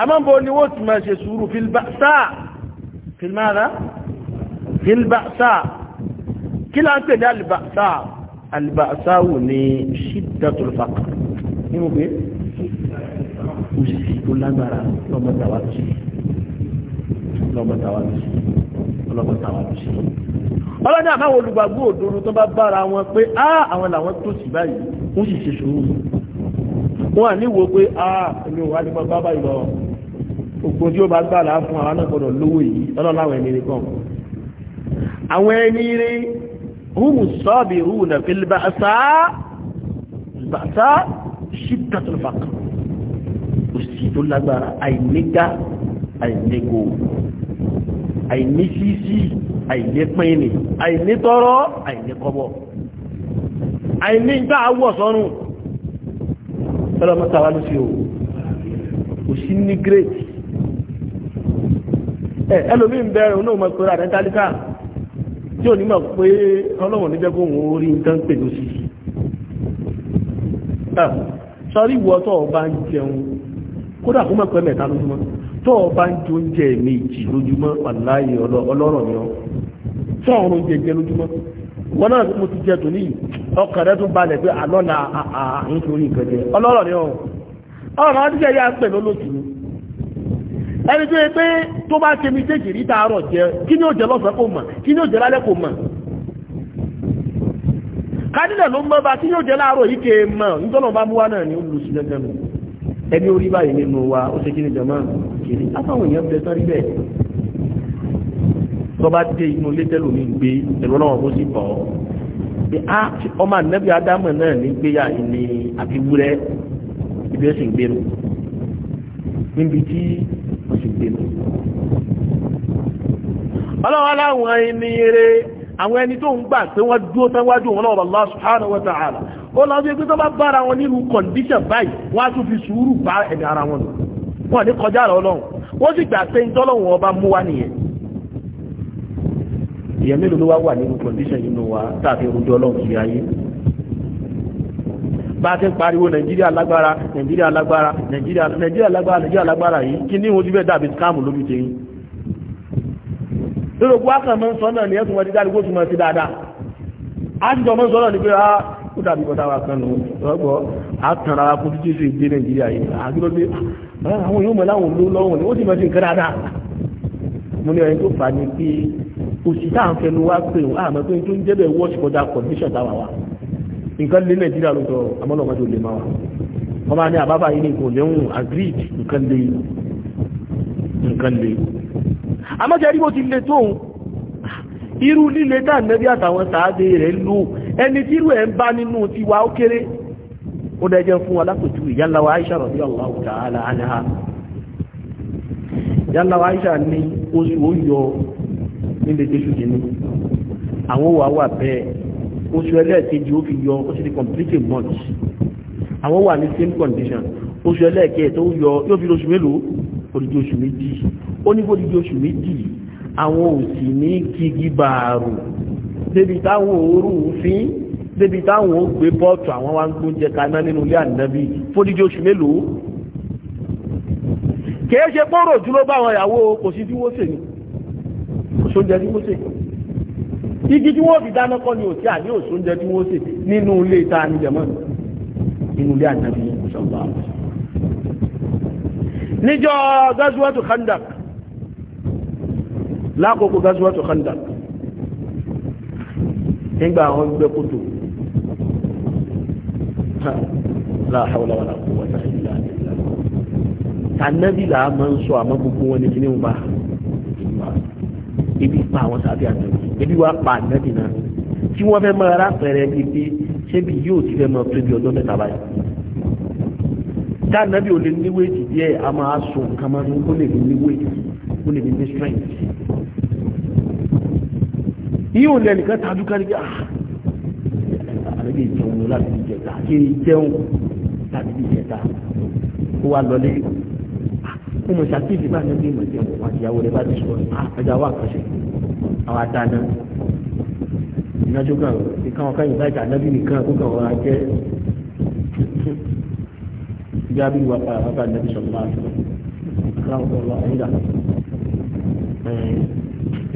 àmọ́bọ̀ ni wọ́n ti máa ṣe sùúrù filbàtà filmára filbàtà kí láń pè ní albàtà albàtà wù ní ṣídàtul faqr nínú pé òṣìṣẹ́ tó lágbára lọ́mọdàwà tó ọlọ́dá àbáwọn olùgbàgbọ́ òdòrò tó bá bára wọn pé á àwọn làwọn tó sì báyìí ó sì ṣe ṣòro wọ́n à níwò pé á èmi ò wá nípa bábá ìlọ ògbó tí ó bá gbà láà fún àwọn náà gbọ́dọ̀ lówó yìí ọlọ́láwọn ẹni rẹ̀ kàn àwọn ẹni rẹ̀ hùmù sọ́ọ̀bì hùmù nà fi bàtà ṣídàtúlùfà òsì tó lágbára àìníga àìnígo àìní ṣíṣí àìní pínni àìní tọ́rọ àìní kọ́bọ̀ àìní gbá àwọ̀ sọ́nù ọlọ́mọta wá ló sí o kò sí ní great ẹlòmí ń bẹ̀rẹ̀ oní ọmọ ìpẹ́rẹ́ tí ò ní mọ̀ pé ọlọ́wọ̀n wọ́n orí pè ló sí sọ́rí ìwọ́tọ̀ ọba ń jẹun kódà mọ̀ pẹ́ mẹ́ta lójúmọ́ tó o bá ń jẹ oúnjẹ méjì lójúmọ́ aláyé ọlọ́rọ̀ ni ọ́ tó ọ̀run oúnjẹ jẹ lójúmọ́ wọn náà mo ti jẹ tòní ọkàn rẹ tún balẹ̀ pé àlọ́ na nítorí nǹkan jẹ ọlọ́rọ̀ ni ọ́ ọ̀rọ̀ adúgbò yà ń pè lólótì ni ẹni tó yẹ pé tó bá ṣe mi déjì rí tààrọ̀ jẹ kí ni ó jẹ lọ́sàn-án kò mọ̀ kí ni ó jẹ lálẹ́ kò mọ̀ kádìlẹ̀ ló ń bọ́ bá kí ni ó jẹ láàárọ̀ yìí kéèmọ̀ nítorí wọn bá mú wá náà ni ó lù sí lẹ́gbẹ̀ẹ́ ẹbí orí báyìí nínú wa ó ṣe kíni jọmọ́ kiri afáwọn èèyàn bẹ sọ́rí bẹ́ẹ̀ tó bá dé inú ilé tẹ́lò mi gbé ẹ̀rọ náà wọ́n sì bọ̀ ọ́ pé á ọmọ ànábì ádámù náà ní gbéyà ní àfiwúrẹ́ ibi ó sì ń gbénu níbi tí ó sì ń gbénu. ọlọ́wọ́ láwọn ẹni eré àwọn ẹni tó ń gbà pé wọ́n dúró tán wájú wọn lọ́wọ́ Allah subhanahu wa ta'ala ó lọ sí pé tó bá bára wọn nínú kọ̀ǹdíṣàn báyìí wọ́n á tún fi sùúrù bá ẹ̀mí ara wọn lò wọ́n ní kọjá rẹ̀ ọlọ́run wọ́n sì gbà pé ìtọ́lọ́run ọba mú wá nìyẹn ìyẹn mélòó ló wá wà nínú kọ̀ǹdíṣàn yìí nù wá tàbí ojú ọlọ́run kiri ayé bá a ti ń pariwo nàìjíríà lágbára nàìjíríà lágbára nàìjíríà nàìjíríà lágbára nàìjíríà lágbára yìí kí ní wọn ti fẹ́ dàbí skáàmù lójú ti yín lórí òkú akàn mọ́ sọ náà ni ẹ̀sùn wọn ti dárí kó tún mọ́ sí dáadáa á ti jọ mọ́ sọ náà ni pé ah, ó dàbí kọta wa kan nù lọ́gbọ́ àtàrà pọ́lítíṣì gbé nàìjíríà yìí àgbélódé ah, àwọn yóò mọ̀ láwọn olówó lọ́wọ́ ni ó sì mọ̀ sí nǹkan dáadáa mo ní ẹni tó fà ní pé òsì tá à ń fẹnu wá pé òun àmọ́ pé tó ń jẹ́ bẹ́ẹ̀ wọ́ọ̀sì kọjá condition táwa wa nǹkan lé nàìjíríà ló sọ amọ́lọ́mọdé ò lè máa wà wọ́n máa ní ah, àbábà yìí ní nǹkan lẹ́hùn agreed nǹkan lé nǹkan lé àmọ́ jẹ́ rí ti le tóun irú líle tá à ń nẹ́bí àtàwọn sàádé rẹ̀ lò ẹni tí irú ẹ̀ ń bá nínú tiwa ó kéré ó dẹ́jẹ́ fún wa lápòjú ìyálà Aisha radiyallahu ta'ala anha ìyálà wa Aisha ní oṣù ó yọ nílé jésù jìnnú àwọn wà wà bẹ́ẹ̀ oṣù ẹlẹ́ẹ̀kejì ó fi yọ ó ti di complete month àwọn wà ní same condition oṣù ẹlẹ́ẹ̀kẹ́ tó yọ yóò fi oṣù mélòó odidi oṣù méjì ó ní odidi oṣù méjì àwọn ò ní kí gíbàárù débi táwọn òórù fi débi táwọn ó gbé pọ́ọ̀tù àwọn wá ń gbóúnjẹ kaná nínú ilé ànábì fódíjì oṣù mélòó kìí ṣe pọ́rọ̀ dúró báwọn ìyàwó kò sí tí wọ́n sè ní kò sóúnjẹ tí wọ́n sè igi tí wọ́n fi dáná kọ́ ni òtí àbí òsóúnjẹ tí wọ́n sè nínú ilé ìta níjẹ̀mọ́ nínú ilé ànábì ìṣọ̀gbà níjọ́ gazuwatu khandak lákòókò gazuwatu khandak nígbà àwọn gbẹ kótó la hawla wala quwwata illa billah tànàbí là á máa ń sọ àmọ́ gbogbo wọn ní kíní wa ebi pa àwọn sábẹ àtẹwò ebi wa pa ànábì náà tí wọn fẹ́ máa ráfẹrẹ bíi pé ṣébi yóò ti fẹ́ máa tóbi ọdún mẹ́ta báyìí tànàbí ò lè ní wéètì díẹ̀ a máa sọ nǹkan kó lè ní wéètì kó lè ní strength yíò lẹ́nìkan tàbí káríkì ah, àrẹ́gbẹ̀ ìjẹun láti ìjẹta kí ìjẹun láti ìjẹta ó wá lọlé ó ah, mọ̀ ṣàkíyèsí bá nẹ́bí ìmọ̀ ìjẹun wọn àti ìyàwó rẹ̀ bá ti sọ̀rọ̀ ah, ẹja wà kọ́ṣẹ́ àwọn àdáná ìnájọ́ kan ìkan ọ̀kan yìí báyìí tàbí nìkan kó kàn wọ́n jẹ́ jábí wà pa àwọn àgbà nẹ́bí sọ̀rọ̀ máa sọ̀rọ̀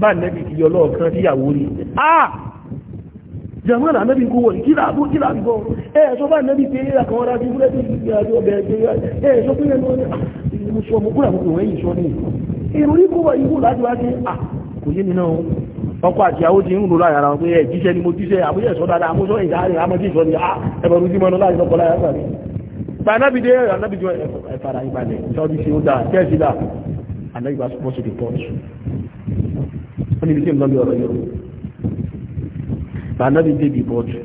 bá nẹ́bí ìyọ lọ́ọ̀kan díyàwó rí ah jẹ́mọ́nà anẹ́bí kó wọ̀ kí láàbò kí láàbò ẹ̀ẹ́sọ́ bá nẹ́bí pé àkàn ọ̀rá bí búrẹ́dì ìgbìyànjú ọbẹ̀ ẹ̀ẹ́sọ́ pé ẹ̀ẹ́sọ́ pé ẹ̀ẹ́sọ́ pé ẹ̀ẹ́sọ́ pé ẹ̀ẹ́sọ́ pé ẹ̀ẹ́sọ́ pé ẹ̀ẹ́sọ́ ọkọ̀ àti àwọn ti ń rò láyàrá wọn pé ẹ jíṣẹ́ ni mo jíṣẹ́ àmúyẹ̀ sọ dáadáa àmúṣọ ìyá rẹ̀ àmọ́jì sọ ni ẹbẹ̀rù jímọ̀ náà láì lọ́pọ̀ láyà sàrí pa anábìdé anábìdé ẹ̀fàrà ìbàlẹ̀ sọ́ọ́dí ṣe ó dáa tẹ́ẹ̀sì dáa anábìdé bá ó níbi tí ń lọ́bí ọ̀rọ̀ yóò bàánàbí débi bọ́ọ̀dù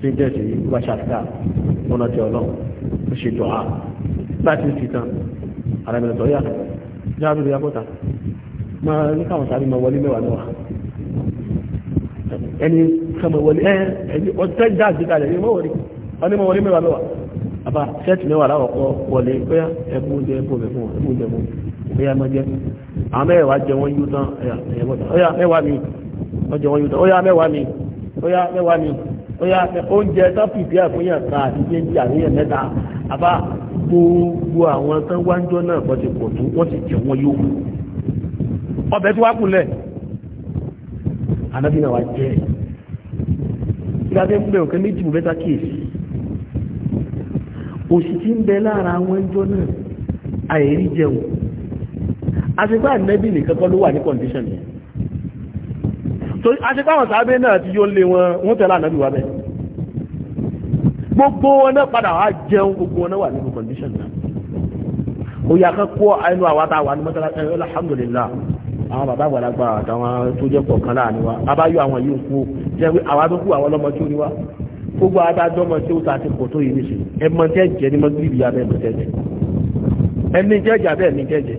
tí ń tẹ̀sí wá ṣàtìkà ọ̀nà tí ọlọ́ ó ṣe dọ̀ á láti ń sìtàn àrẹ̀mẹ̀rẹ̀ tọ́ yà jáàbí lóya pọ́ta máa ní káwọn sáré máa wọlé mẹ́wàá mẹ́wàá ẹni kama wọlé ẹ ẹni ọtẹ jáàbí kalẹ̀ ẹni mọ́ wọlé ọni mọ́ wọlé mẹ́wàá mẹ́wàá àbá sẹ́ẹ̀tì mẹ́wàá láwọ̀ kọ́ wọlé bóyá ẹ̀bùn oúnjẹ ẹ̀bùn oúnjẹ ẹ̀bùn àmọ́ ẹ̀wà jẹ wọ́n yú tán ọ̀yà mẹ́wàá mi wọ́n wọ́n yú tán ọ̀yà mẹ́wàá mi ọ̀yà mẹ́wàá mi ọ̀yà oúnjẹ tán àfúnyà kan àti jẹ́jì àríyàn mẹ́ta àbá gbogbo àwọn tán náà kọ́ ti pọ̀ tó wọ́n ti jẹ wọ́n yó ọbẹ̀ tí wàá jẹ́ òkè méjì mú bẹ́tà ń bẹ àwọn ẹjọ́ náà àṣepá ànẹ́bì nìkan kọ́ ló wà ní condition yẹn so àṣepá àwọn sàábé náà ti yóò lé wọn wọ́n tẹ̀lé ànẹ́bì wa bẹ́ẹ̀ gbogbo wọn náà padà wá jẹun gbogbo wọn náà wà nínú condition náà ó yà kán kó ẹnu àwọn àtàwà ní mọ́tàlá ẹ̀rọ alhamdulillah àwọn bàbá àgbàlagbà àtàwọn tó jẹ́ kọ̀ọ̀kan láàrin wa abáyọ àwọn yìí kú jẹ́ pé àwọn àdókù àwọn ọlọ́mọ tí ní wá gbogbo adájọ́ ọmọ tí ó ta ti pọ̀ tó yìí nìṣẹ́ ẹ mọ tẹ́jẹ́ ní mọ́tìrì abẹ́ mọ́tẹ́jẹ́ ẹni jẹ́jẹ́ abẹ́ ẹni jẹ́jẹ́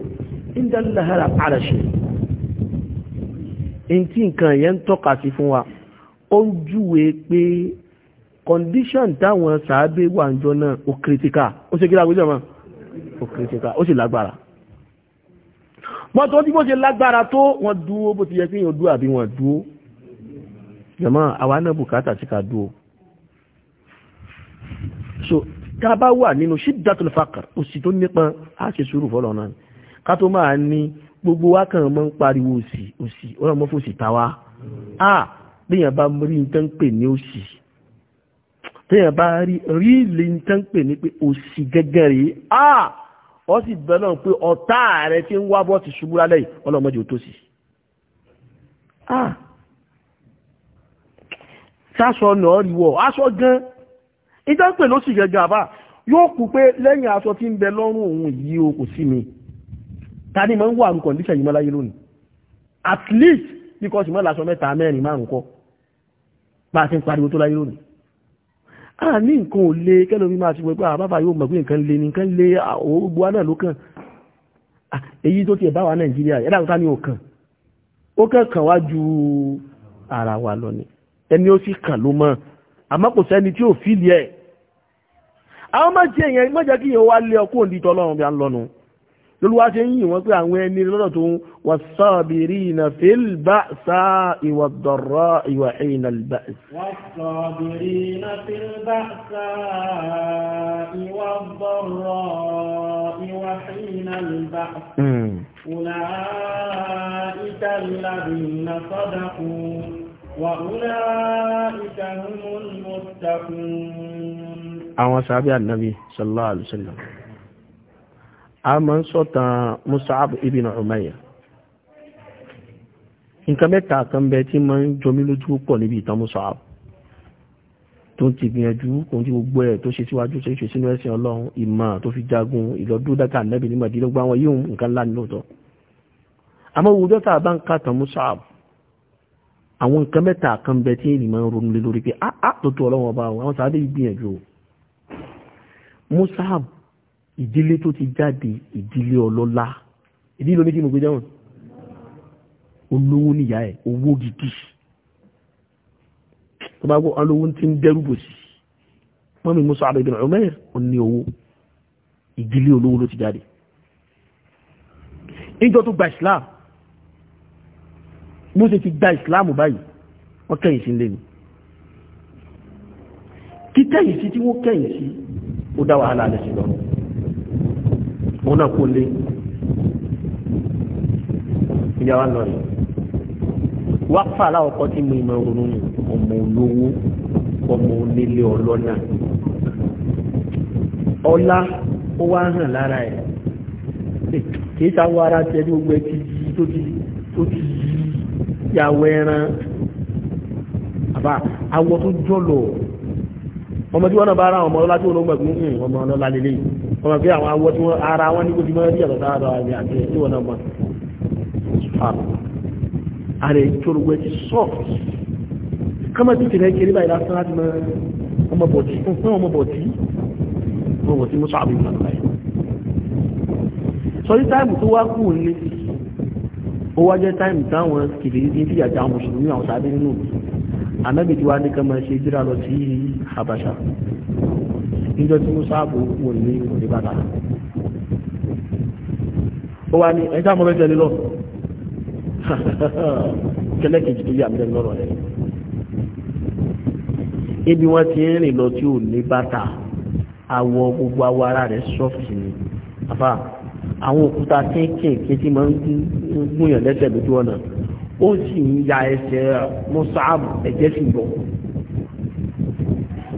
ń dálílà in tí nǹkan yẹn ń tọ́ka sí fún wa ó ń júwe pé condition táwọn sàábé wà ń jọ náà ó kìrìtìkà ó ṣe kíra gbéjọba ó kìrìtìkà ó sì lágbára wọ́n tó tí bó ṣe lágbára tó wọ́n dúó bó ti yẹ kí èèyàn dúó àbí wọ́n dúó jẹ̀mọ́ àwa náà bùkátà sí ká dúó so tá a bá wà nínú shiddatul faqr òsì tó nípa á ṣe sùúrù fọ́lọ́ náà ká tó máa ní gbogbo wa kàn mọ́ ń pariwo òsì òsì ọ̀rọ̀ mọ́ fòsì ta wa a bíyàn bá rí ní tán pè ní òsì bíyàn bá rí rí lè ní tán pè ní pé òsì gẹ́gẹ́ rèé a ọ sì bẹ́ẹ̀ náà pé ọ̀tá rẹ ti ń wá bọ́ ti ṣubú lálẹ́ yìí ọlọ́mọdé ò tó sì a sásọ náà rí aṣọ gan ìtàn pè ló sì gẹ́gẹ́ àbá yóò kú pé lẹ́yìn aṣọ tí ń bẹ lọ́rùn òun yìí o kò sí mi ta ni máa ń wà àrùn kọ̀ǹdíṣàn yìí mọ́ lónìí at least because ìmọ̀ làṣọ mẹ́ta mẹ́rin márùn kọ́ bá a ti ń pariwo tó láyé lónìí a ní nǹkan ò le kẹ́lò bí máa ti wọ pé ah, àbáfà yóò mọ̀ pé nǹkan le nǹkan ah, náà ló ah, èyí tó ti ẹ̀ wa nàìjíríà ẹ̀dá ni ò ó kàn wá ju ara wa lọ ni ẹni ó sì kàn ló mọ̀ àmọ́ kò sẹ́ni tí ò fìlì ẹ̀ àwọn máa jẹ́ èèyàn mọ́jà kí èèyàn wá lé ọkùnrin tọ́lọ́run bí a ń lọ́nu lóluwá ṣe ń yìn wọ́n pé àwọn ẹni lọ́dọ̀ tó ń والصابرين في البأساء والضراء وحين البأس والصابرين في البأساء والضراء وحين البأس أولئك الذين صدقوا وأولئك هم المتقون أعوى صحابي النبي صلى الله عليه وسلم a máa ń sọ̀tàn Mus'ab ibn Umayr nǹkan mẹ́ta kan bẹ tí máa ń jọmí lójú pọ̀ níbi ìtàn Mus'ab tó ti gbìyànjú kò ní gbogbo ẹ̀ tó ṣe síwájú ṣe ṣe sínú ẹ̀sìn ọlọ́run ìmọ̀ tó fi jagun ìlọ́dún dákà nẹ́bì ní mọ̀dínlógún àwọn yíò nǹkan ńlá ní lóòótọ́ àmọ́ òwúrọ̀ tá bá ń kàtàn Mus'ab àwọn nǹkan mẹ́ta kan bẹ tí ènìyàn máa ń ronú lé lórí pé áá tó tó ọlọ́run ọba àwọn sáadé yìí gbìyànjú Mus'ab ìdílé tó ti jáde ìdílé ọlọ́lá ìdílé omi tí mo gbé dáhùn olówó níyà ẹ̀ owó gidi tó bá gbọ́ olówó tí ń dẹ́rù bò sí wọ́n mi Mus'ab ibn Umair ó ní owó ìdílé olówó ló ti jáde ìjọ tó gba Islam mo ṣe ti gba Islam báyìí wọ́n kẹ́yìn sí lé kí kẹ́yìn sí tí wọ́n kẹ́yìn sí ó dá wàhálà lẹ́sìn lọ́rùn òun náà kò lé ìyá wa lọ rẹ̀ wá fà láwọ̀kọ́ tí mo ìmọ̀ ronú nù ọmọ olówó ọmọ onílé ọlọ́nà ọlá ó wá hàn lára ẹ̀ kì í sáwọ́ ara tiẹ̀ ní gbogbo ẹ̀ ti yí tó ti tó ti yí yàwó ẹran àbá awọ tó jọlọ ọmọdé wọn náà bá ara ọmọ ọlọ́lá tí wọn ló gbàgbé hmm, ọmọ ọlọ́lá lélẹ́yìí ọmọ bí àwọn awọ tí wọ́n ara wọn ní gbogbo mọ́rí ẹ̀rọ sára àmì àti ẹ̀ níwọ̀n náà mọ́ ààrẹ ìjọrùgbẹ́ ti sọ́ọ̀fù kọ́mọ̀ tí kìrẹ́ kiri báyìí lásán láti mọ́ ọmọbọ̀tí fún ọmọbọ̀tí ọmọbọ̀tí mú sọ́ọ̀bù ìgbà náà sọ ní táìmù tó wá kù ní ó wá jẹ́ táìmù táwọn kìrìrí ní fìyà jà àwọn mùsùlùmí àwọn sábẹ́ nínú àmẹ́bìtì wa ní kọ́mọ̀ ṣe jíra lọ sí Habasha níjọ́ tí mo sáàbò wò ní òní bàtà ó wá ní ẹjá mọ́ mẹ́tẹ̀ẹ́lẹ́ lọ kẹlẹ́kejì tó yà mí lẹ́nu lọ́rọ̀ rẹ̀ ibi wọ́n ti ń rìn lọ tí ò ní bàtà àwọ̀ gbogbo awọ ara rẹ̀ sọ́ọ̀fì ni àfà àwọn òkúta kéékèèké tí máa ń gúnyàn lẹ́sẹ̀ lójú ọ̀nà ó sì ń ya ẹsẹ̀ mọ́sáàbù ẹ̀jẹ̀ sì bọ̀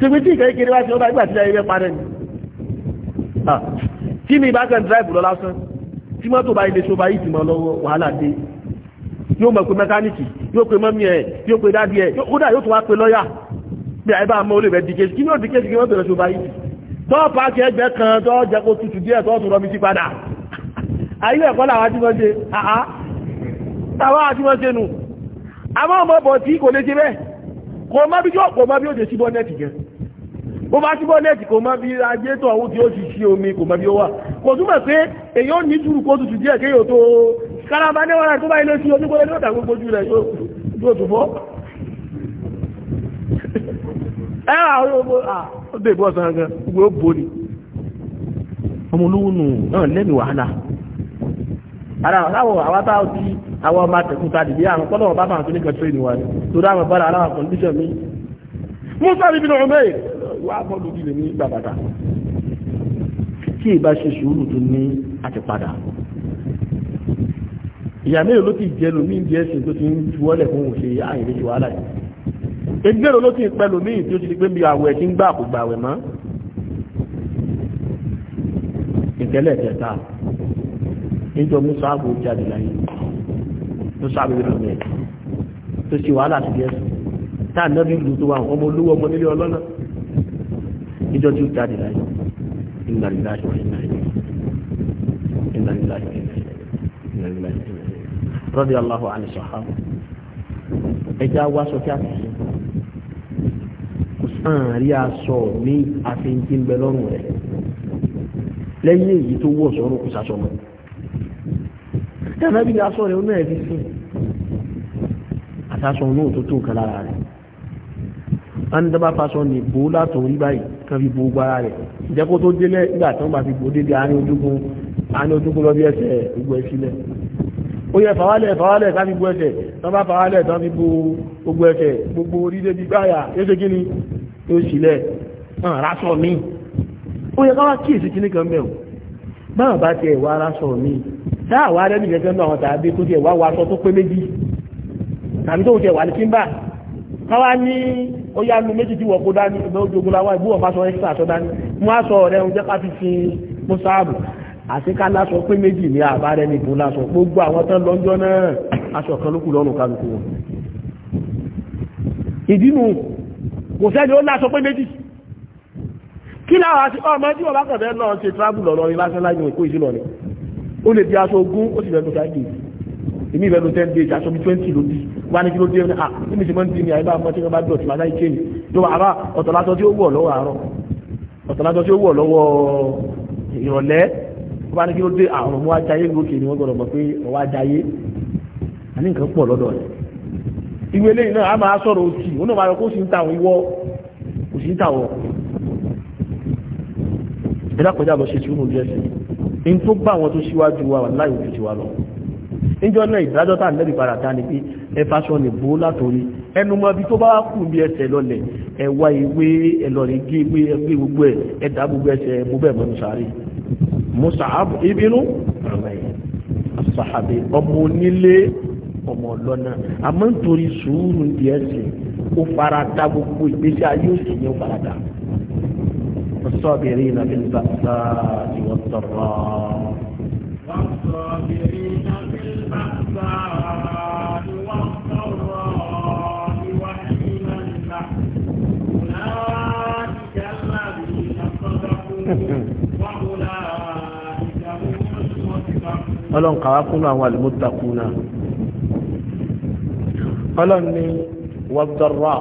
tèmi tí ìkẹ́ ìkéré wá sí ọba ìgbà ni tí mi bá kàn dráìbù lọ lásán tí mọ́tò bá ilé ṣọba yìí ti mọ́ lọ́wọ́ wàhálà dé yóò mọ̀ pé mẹkáníìkì yóò pe mọ́mí ẹ̀ yóò pe dádì ẹ̀ kódà yóò tún wá pe lọ́yà bí àyè bá mọ́ olè rẹ̀ dìkejì kí ni ó dìkejì kí wọ́n bẹ̀rẹ̀ ṣọba yìí tọ́ pàákì ẹgbẹ́ kan tọ́ jẹ́ tutù díẹ̀ tọ́ rọmi sí padà ayé ẹ̀kọ́ làwọn tí àá bó bá neti nẹ́ẹ̀tì kò mọ bí ajé tó àwọn tí ó ti ṣe omi kò mọ bí ó wà kò túmọ̀ pé èyí ò ní túrù kó tutù díẹ̀ kéyò tó káràbá níwára tó bá ilé sí onígbólé ní ọ̀tà gbogbo ojú rẹ̀ yóò tún fọ́ ẹ àwọn ọmọ sàn gan gbogbo ó bò ní ọmọ olówó nù náà lẹ́nu wàhálà ara àwọn ti àwọn ọmọ tàbí bí àwọn kọ́lọ̀ bá bá àwọn tó ní wá bọ́ọ̀lù bí lè ní gbàbàdà tí ìbá ṣe sùúrù tó ní àtìpadà ìyá mélòó ló ti jẹ lómi ìdí ẹ̀sìn tó ti ń juwọ́lẹ̀ fún òṣè àìrí ti wàhálà yìí egbèrò ló ti pẹ́ lómi ìdí ó ti di pé bí àwẹ̀ ti ń gbà kò gbà àwẹ̀ mọ́ ìtẹ́lẹ̀ kẹta níjọ musaabo jáde láyé musaabo yìí lómi ẹ̀ tó ṣe wàhálà ti di ẹ̀sìn táà nẹ́bí ìlú tó wà ọmọ olówó ọmọ nílé ọlọ́nà níjọ́ tí ó jáde láyé ìlànà ìlànà ìlànà ìlànà ìlànà ìlànà ìlànà rọ́bì aláhùn àni sọ̀hámù ẹja wá sókè àtúnṣe kò sàn rí aṣọ ní àfihàn tí lọ́rùn rẹ̀ lẹ́yìn èyí tó wọ̀ sọ́rùn kò sàṣọ mọ́ tẹ́lẹ̀ bí aṣọ rẹ̀ ó náà fi sùn àtàṣọ náà tó tó nǹkan rẹ̀ wọ́n ní dábàá faṣọ ní bò látòrí báyìí kan fi bo gbára rẹ̀ ìjẹ́ tó délẹ̀ nígbà tí wọ́n bá fi bò débi àárín ojúgun àárín ojúgun lọ bí ẹsẹ̀ gbogbo ẹ̀ sílẹ̀ ó yẹ fàwálẹ̀ fàwálẹ̀ ká bo ẹsẹ̀ tán bá fàwálẹ̀ tán bo gbogbo ẹsẹ̀ gbogbo orí débi gbáyà yóò ṣe kí ni yóò sílẹ̀ hàn rásọ mi ó yẹ ká wá kíyèsí kí kan bẹ̀ báwọn bá tiẹ̀ wá rásọ mi dáàwà rẹ̀ ó yá mi méjì tí wọ́n kó dání ìgbà ó jogun láwọn ìbúwọ̀ bá sọ ẹ́kítà tó dání mú aṣọ ọ̀rẹ́ oúnjẹ ká fi fi mùsáàbù àti ká láṣọ pé méjì ní àbárẹ́ nìbò láṣọ gbogbo àwọn tán lọ́jọ́ náà aṣọ kan ló kù lọ́rùn kálukú wọn ìdínú kò sẹ́ni ó láṣọ pé méjì kí láwọn àti ọmọ tí wọ́n bá kẹ̀fẹ́ náà ṣe tíráàbù lọ́rọ̀ ni lásán láyé òkú ìsìlọ̀ ni ó lè di aṣọ ogún ó sì lẹ́nu ṣáà èmi ìbẹ̀rù ten days aṣọ bíi twenty ló di wá ní kí ló dé ní à ní mèsì mọ́tì ní àyíká mọ́tì kan bá dọ̀ tí wàá láì kéènì tó wà bá ọ̀tọ̀ lásọ tí ó wọ̀ lọ́wọ́ àárọ̀ ọ̀tọ̀ lásọ tí ó wọ̀ lọ́wọ́ ìrọ̀lẹ́ wá ní kí ló dé àrùn ah, mú ajayé lókè ni wọ́n gbọ́dọ̀ mọ̀ pé ọwọ́ ajayé àní nǹkan pọ̀ lọ́dọ̀ rẹ̀ ìwé eléyìí náà a máa sọ̀rọ̀ òtì òun náà máa yọ kó sì ń ta àwọn ìwọ kò sì ń ta àwọn ìdákọjá lọ ṣe tí ó nù jẹ́ sí ní tó bá àwọn tó síwájú wa wà láì òfin tiwa lọ níjọ́ náà ìdájọ́ tá nẹ́bì padà dá ni pé ẹfà sọ ní bó látòrí ẹnu mọ́ bí tó bá kù bí ẹsẹ̀ lọlẹ̀ ẹwà ìwé ẹlọ́rin gé ìwé ẹgbẹ́ gbogbo ẹ̀ ẹ̀dá gbogbo ẹsẹ̀ mo bẹ̀ mọ́nu sáré Mus'ab ibn As-Sahabi gbogbo ìgbésí ayé òsì ọlọ́run kàwá kúnnú àwọn àlùmọ́tàkùnà ọlọ́run ní wọ́dọ̀rọ̀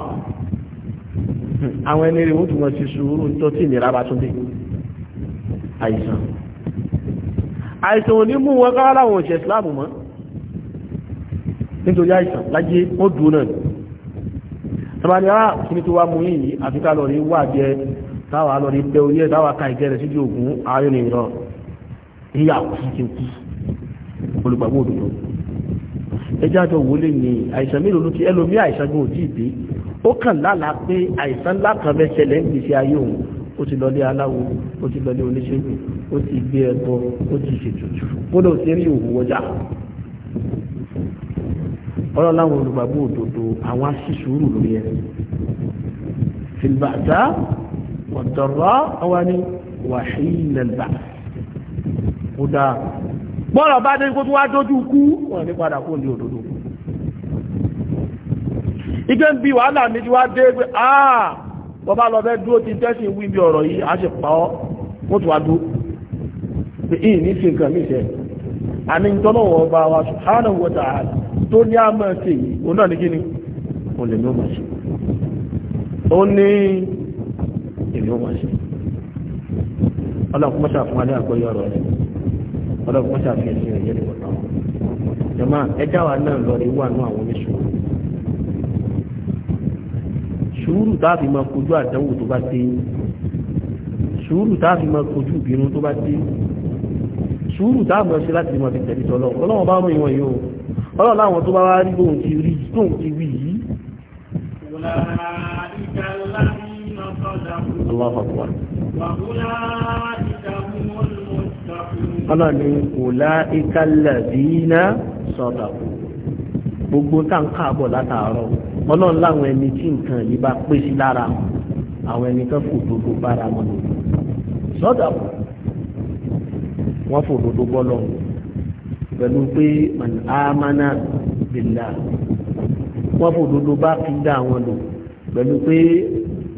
àwọn ẹni rí wọ́n tún wọ́n ti sùúrù tó tí ìnira bá tún dé àìsàn àìsàn ò ní mú wọn káwá láwọn òṣè islam mọ́ nítorí àìsàn láyé wọ́n dùn náà tọ́ba ni ah kí tó wá mú yìí àfi ká lọ wà jẹ táwa lọ rí orí ẹ̀ táwa ka ìgẹ̀rẹ̀ síbi ògún ayọ̀ nìyọ̀ ìyà kú olùgbàgbọ́ òdòdó ẹjá àjọ wò lè ní àìsàn mélòó ló ti ẹlòmí àìsàn gbò tí ìdí ó kàn lálàá pé àìsàn ńlá kan fẹ́ ṣẹlẹ̀ ń gbèsè ayé òun ó ti lọlé aláwo ó ti lọlé oníṣègùn ó ti gbé ẹbọ ó ti ṣètùtù kódà ti rí òwò ọjà ọlọ́run láwọn olùgbàgbọ́ òdodo àwọn aṣíṣúrù lórí ẹ̀ fìlbàtà wàdọ̀rọ̀ ọwá ní wàhíìlẹ̀lbà kódà bọ́ọ̀lọ̀ bá dé kó dójú kú wọ́n ní padà kó ní òdòdó igé ń bí wàhálà mi ti wá dé pé àà bọ́bá lọ fẹ́ ti wí bí ọ̀rọ̀ yìí a ṣe pa ọ́ wọ́n wá dúró pé ìyìn ní ṣe nǹkan níṣẹ́ àní ń bá wa subhanahu wa ta'ala tó ní ọlọ́run kọ́ ṣàfihàn sí ẹ̀yẹ́ lọ́wọ́ náà jọ̀mọ́ ẹja wa náà lọ rí wà ní àwọn oníṣòwò sùúrù táàfin máa kojú àdánwò tó bá dé sùúrù táàfin máa kojú ìbínú tó bá dé sùúrù táàfin máa ṣe láti máa fi tẹ̀lé tọ́lọ́ ọlọ́run bá rún ìwọ̀n yìí o ọlọ́run láwọn tó bá wá rí bóun ti rí tóun ti wí yìí. Allahu Akbar ọlọ́ni kòlá ikálẹ̀bìínà sọ̀dàkù gbogbo táǹkà bọ̀ látàárọ̀ ọlọ́run láwọn ẹni tí nǹkan yìí bá pé sí lára àwọn ẹni kan kò dodo bára wọn lò sọ̀dàkù wọ́n fò dodo bọ́ pẹ̀lú pé amánà bìlà wọ́n fò dodo bá fi dá àwọn lò pẹ̀lú pé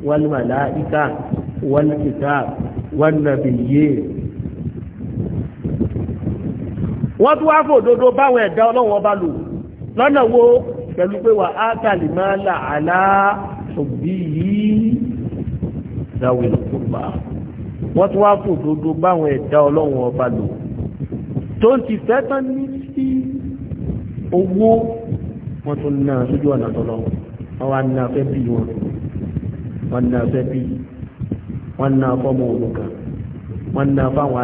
wal màláíkà wal kitab wan nabiyyin wọ́n tún wá fòdodo báwọn ẹ̀dá ọlọ́run ọba lò lọ́nà wo pẹ̀lú pé wà á kàlì máa là àlá òbí yìí dáwọ́ ìlọ́kùnbà wọ́n tún wá fòdodo báwọn ẹ̀dá ọlọ́run ọba lò tó ń ti fẹ́ tán ní sí owó wọ́n tún ná sójú ọ̀nà tọ́lọ́ wọ́n wá ná fẹ́ bí wọn wọ́n ná fẹ́ bí wọ́n ná fọ́mọ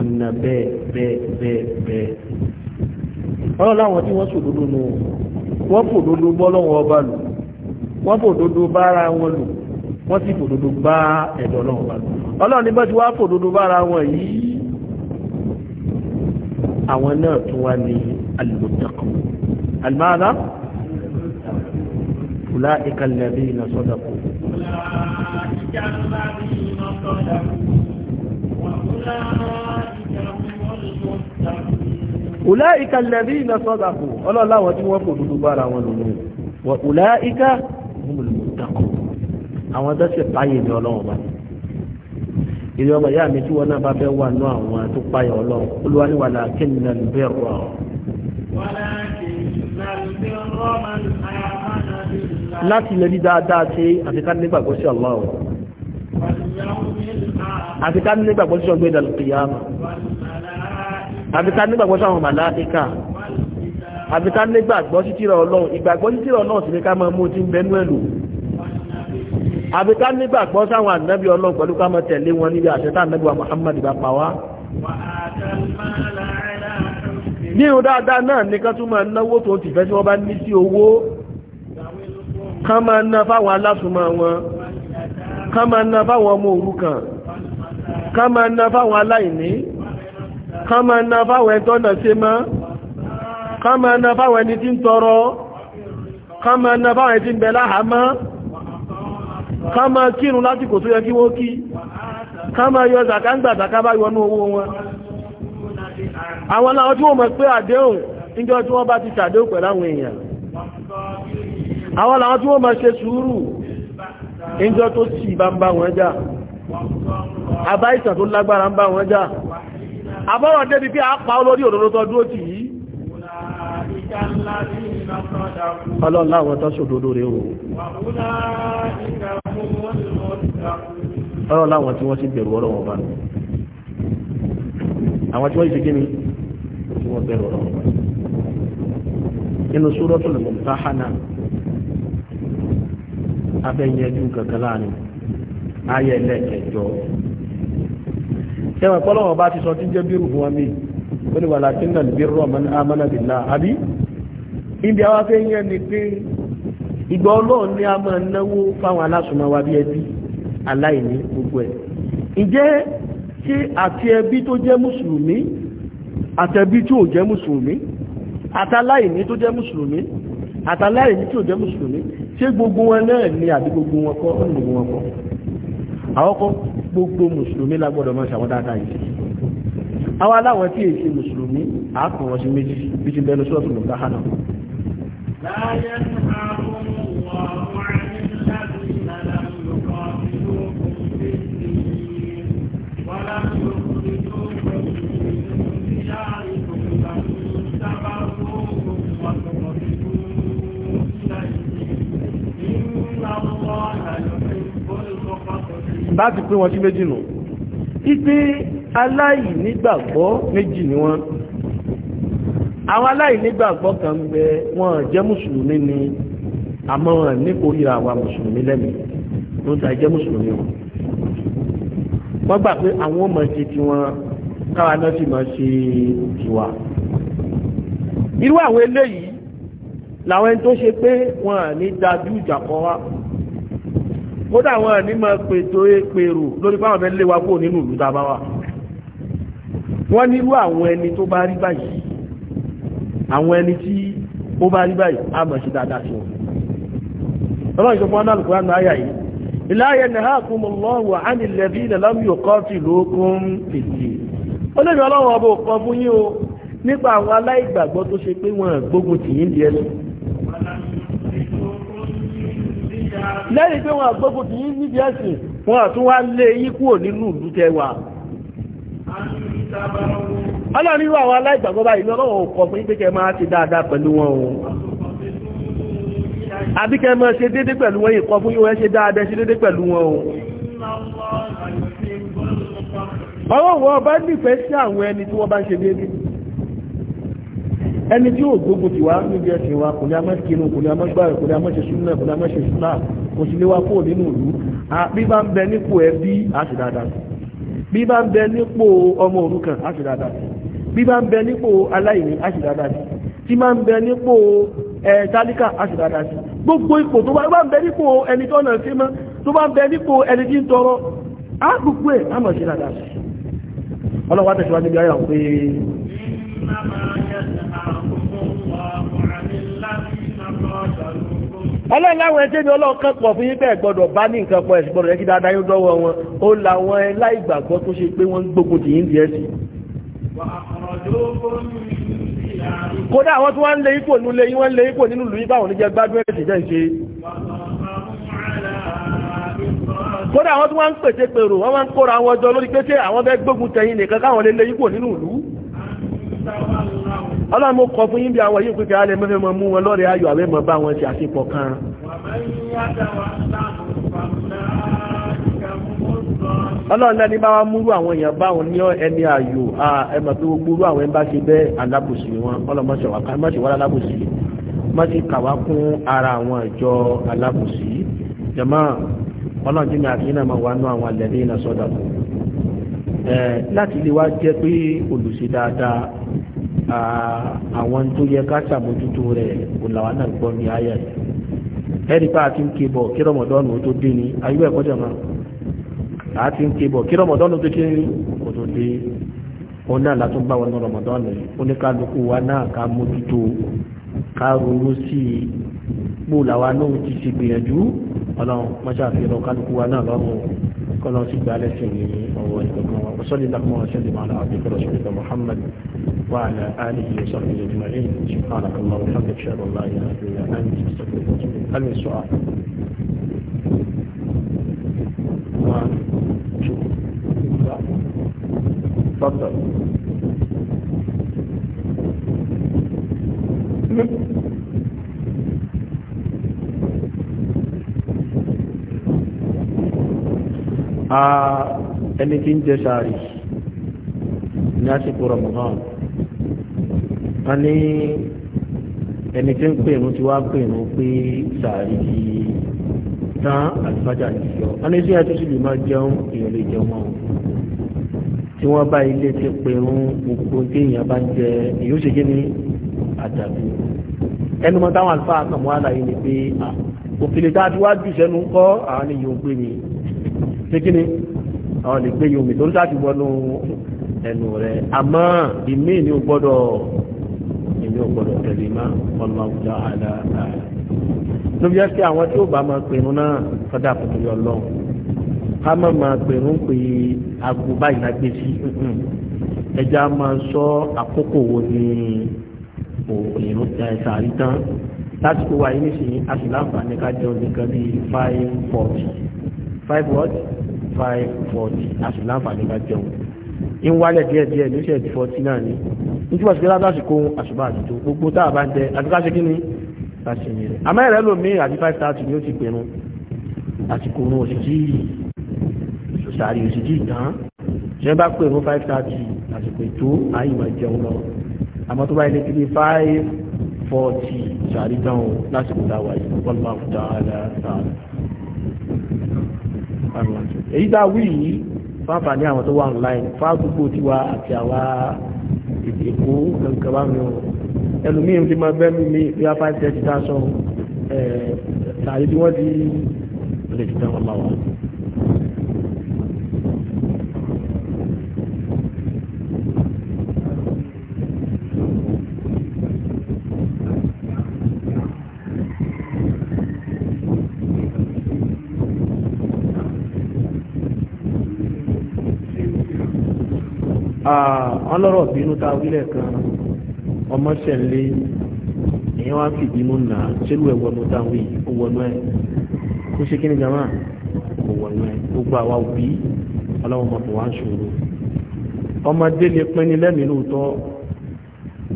ọ̀nà bẹ́ẹ̀ bẹ́ẹ̀ bẹ́ẹ̀ bẹ́ẹ̀ ọ̀rọ̀ láwọn tí wọ́n sòdodo nù wọ́n fòdodo bọ́lọ́wọ́ ọba lù wọ́n fòdodo bára wọn lù wọ́n sì fòdodo bá ẹ̀dọ̀ náà wà lù ọlọ́run ní bá ti wá fòdodo bára wọn yìí àwọn náà tún wá ní alìmọ̀tẹ́kọ̀ alìmọ̀dá fúlá ìkàlẹ̀bí iná sọ́dọ̀ kù. fúlá ìkàlẹ̀bí iná sọ́dọ̀ kù wà fúlá ulaika alladhina sadaqu ọlọ́lá wọn tí wọ́n kò dúdú bára wọn lòun wa ulaika humul muttaqun àwọn tó ṣe páyè ní ọlọ́run bá ilé ọmọ ìyá mi tí wọn náà bá fẹ́ wà nú àwọn tó páyà ọlọ́run olúwa ní wàlá kéènìyàn ló bẹ́ẹ̀ rọ. láti lè rí dáadáa ṣe àti ká nígbàgbọ́ sí ọlọ́run àti àbíká nígbàgbọ́ sáwọn màláíkà àbíká nígbàgbọ́ sí tírà ọlọ́run ìgbàgbọ́ sí tírà ọlọ́run sì ní ká máa mú ti ń bẹnu ẹ̀lò àbíká nígbàgbọ́ sáwọn ànábì ọlọ́run pẹ̀lú ká máa tẹ̀lé wọn níbi àṣẹta ànábì wa Muhammad bá pa wá nínú dáadáa náà ní ká tún máa náwó tó ti fẹ́ tí wọ́n bá ní sí owó ká máa ná fáwọn alásùnmọ́ wọn ká máa ná fáwọn ọmọ òrukàn ká máa ná fáwọn aláìní kán máa ná fáwọn ẹni tọ́nà ṣe mọ́ kán máa ná fáwọn ẹni tí ń tọrọ kán máa ná fáwọn ẹni tí ń bẹ láhàámọ́ kán máa kírun lásìkò tó yẹ kí wọ́n kí kán máa yọ zàkángbà zàkábá yọnú owó wọn àwọn aláwọ̀ tí wọ́n mọ̀ pé àdéhùn níjọ́ tí wọ́n bá ti ṣàdéhùn pẹ̀lú èèyàn àbáìsàn tó lágbára ń bá wọn jà àbọ́rọ̀ débi pé a pa olórí òdòdó tó dúró tì yìí ọlọ́láwọ̀ tó ṣòdòdó rẹ̀ o ọlọ́láwọ̀ tí wọ́n sì bẹ̀rù ọlọ́wọ̀ bá àwọn tí wọ́n ìṣe gíní tí wọ́n bẹ̀rù ọlọ́wọ̀ bá inú ẹwọ̀n pọ́lọ́wọ̀ bá ti sọ tí ń jẹ́ bírù fún wa mí ó ní wàlá tí náà bírù ọmọ amánà billah àbí ibi àwọn afẹ́ yẹn ni pé ìgbà ọlọ́run ní a máa náwó fáwọn alásùnmọ́ wa bí ẹbí aláìní gbogbo ẹ̀ ǹjẹ́ ṣé àti ẹbí tó jẹ́ mùsùlùmí àtẹbí tí ò jẹ́ mùsùlùmí àtàláìní tó jẹ́ mùsùlùmí àtàláìní tí ò jẹ́ mùsùlùmí ṣé gbogbo wọn náà ni àbí gbogbo wọn kọ́ àwọn kọ́ gbogbo mùsùlùmí la gbọ́dọ̀ máa ṣàwọn dáadáa yìí àwọn aláwọ̀ tí èsì mùsùlùmí àákùnrọ̀ sí méjì bí ti bẹnu sọ́ọ̀tù lọ́gbà láyé ń bá ti pín wọn sí méjì nù ipé aláìnígbàgbọ́ méjì ni wọ́n àwọn aláìnígbàgbọ́ kan bẹ wọn jẹ́ mùsùlùmí ni àmọ́ wọn ní kórìíra àwa mùsùlùmí lẹ́mìí ló ń ta jẹ́ mùsùlùmí wọn wọ́n gbà pé àwọn ọmọ ṣe tiwọn káwa náà sì máa ṣe tiwa irú àwọn eléyìí làwọn ẹni tó ṣe pé wọn à ní dájú ìjà kan wá kódà àwọn ẹni máa pètò èrò lórí fáwọn ọmọ ẹlẹ́wà kúrò nínú ìlú tá a bá wà wọ́n nírú àwọn ẹni tó bá rí báyìí àwọn ẹni tí ó bá rí báyìí a mọ̀ sí dáadáa sí wọn ọlọ́run ìṣọ́fún ọ̀nà alùpùpù àmì àyà yìí ìláyẹ̀ ní àkúmọ̀lọ́wọ̀ ánìlẹ̀bí ìlẹ̀lọ́mí òkọ́ ti lókún fìdí olóòrùn o ala lẹ́yìn pé wọ́n àgbógun ti yí níbi ẹ̀sìn wọ́n àtún wá lé yí kúrò nínú ìlú tẹwà ọlọ́rin wà wọn aláìgbàgbọ́ báyìí lọ́wọ́ ọkọ̀ fún ìpékẹ máa ti dáadáa pẹ̀lú wọn o àbíkẹ máa ṣe dédé pẹ̀lú wọn ìkọ fún ìwọ́n ṣe dáadáa ṣe dédé pẹ̀lú wọn o ọwọ́ wọn bá nífẹ̀ẹ́ sí àwọn ẹni tí wọ́n bá ń ṣe dédé ẹni tí yóò gbogbo tiwa níbi wa kò ní a máa kinu kò ní a máa gbára kò ní a máa súnmọ́ kò ní a máa súnmọ́ kò sì lè wa kó nínú ìlú bí bá ń bẹ nípò bí bá ń bẹ nípò ọmọ gbogbo ipò tó bá ń bẹ nípò ẹni tó mọ́ tó bá ń bẹ nípò ẹni tí ń tọrọ á gbogbo ẹ̀ á mọ̀ dáadáa ọlọ́láwọn ẹjẹ́ ni ọlọ́ọ̀kan pọ̀ fún yín bẹ́ẹ̀ gbọ́dọ̀ bá ní nǹkan pọ̀ ẹ̀sìn gbọ́dọ̀ yẹ kí dáadáa yóò dọ́wọ́ wọn ó làwọn ẹláìgbàgbọ́ tó ṣe pé wọ́n ń gbógun tì í ń di ẹ̀sìn. kódà àwọn tí wọ́n ń lé ipò nílé yín wọ́n ń lé ipò nínú ìlú yín báwọn oníjẹ gbádùn ẹ̀sìn jẹ́ ṣe. kódà àwọn tí wọ́n ń pèsè pèrò wọ́n máa ń kóra àwọn ọjọ́ lórí pé ṣé àwọn fẹ́ gbógun tẹ̀yìn nìkan káwọn lè lé ipò nínú ìlú ọlọ́run mo kọ fún yín bí àwọn yìí pípẹ́ alẹ́ mẹ́fẹ́ mọ́ mú wọn lọ́rẹ̀ ayọ̀ àwẹ́ mọ́ bá wọn ti àṣepọ̀ kan ọlọ́run lẹ́ni bá wá múrú àwọn èèyàn bá wọn ní ẹni ayò ẹmọ̀ tó gbúrú àwọn ẹmbá ṣe bẹ́ alábòsí wọn ọlọ́mọṣẹ̀wá ara àwọn ìjọ alábòsí jẹ́mọ́ ọlọ́run tí mi àti iná máa wà nú àwọn alẹ́lẹ́ iná láti lè wá jẹ́ pé olùṣe dáadáa àwọn tó yẹ ká ṣàmójútó rẹ̀ kò làwọn náà gbọ́ ní ayé ẹ̀rí pa àti ń ké bọ̀ kí rọmọdọ́nù tó dé ni ayé ẹ̀kọ́ jẹ̀ mọ́ àti ń ké bọ̀ kí rọmọdọ́nù tó dé ni kò tó dé òun náà látún bá wọn ní rọmọdọ́nù oníkálukú wa náà ká mójútó ká ronú sí i gbó làwọn náà ti ṣe gbìyànjú ọlọ́run mọ́ṣáfihàn kálukú wa náà lọ́rùn كنا نسيب على سنين وصل لكم وسلم على عبدك رسولك محمد وعلى آله وصحبه أجمعين سبحانك الله وحمدك شهر الله يا أبي أنت استغفرك هل من سؤال؟ تفضل ẹni tí ń jẹ sàárì ní àsìkò Ramadan a ní ẹni tí ń pè ní tí wàá pè ní pé sàárì ti tán àlùfájà ní ìyọ a ní sí àti sì lè máa jẹun èèyàn lè jẹun mọ́ tí wọ́n bá ilé ti pè ń gbogbo tí èèyàn bá jẹ èyí ó ṣe kí ni àjàdù ẹnu mọ́ táwọn àlùfáà kàn mọ́ àlàyé ni pé òfìlè tá a ti wá jù sẹ́nu kọ́ àwọn èèyàn ń pè ní ṣé kí ni àwọn lè gbé yomi torí láti wọnú ẹnu rẹ àmọ́ ìmí ni ó gbọ́dọ̀ ìmí ó gbọ́dọ̀ tẹ̀lé má ọ̀nà ọ̀gbà àdá àdá lóbi ẹ́ sí àwọn tí ó bá máa pinnu náà sọ́dà tuntun yọ lọ ká má máa pinnu pé aago báyìí la gbé sí ẹja máa sọ àkókò wo ni òòrùn ẹ̀sà àrídán lásìkò wa yìí nísìnyí a sì láǹfààní ká jẹun nìkan bíi five forty five what five forty àti láǹfààní bá jẹun ń wálẹ̀ díẹ̀ díẹ̀ ní ṣe forty náà ni ní tí wọ́n ti gbé láti kó àṣùbà àtúntò gbogbo tá a bá ń jẹ àti ká ṣe kí ni ká ṣe yẹn rẹ̀ àmọ́ ẹ̀rẹ́ lomi àti five thirty ni ó ti pinnu àsìkò òun òṣìṣì sàárì òṣìṣì ìtàn ṣe bá pè fún five thirty àsìkò ètò ayé máa jẹun lọ àmọ́ tó bá yẹ létí bíi five forty sàárì dáhùn lásìkò dáwà yìí wọ́n máa fún dáadáa dáadáa five one two èyí tá a wí yìí fáfà ní àwọn tó wà online fáàgbùgbò tiwa àti àwa èkó nǹkan bá mi o ẹlòmíín ti máa bẹ́ mi bí a five thirty thousand ẹ̀ẹ́d tàbí tí wọ́n ti lè ti tẹ́ wọn bá Ah, ọlọ́rọ̀ bínú ta wílẹ̀ kan ọmọ ṣẹ̀lẹ̀ èyí wá fi bínú nà ṣẹlú ẹ̀ wọnú ta wí ó wọnú ẹ̀ kó ṣe kí ni jama kò wọnú ẹ̀ gbogbo àwa òbí ọlọ́wọ́ mọ̀tò wá ń ṣòro ọmọdé lè pín ní lẹ́mìí lóòótọ́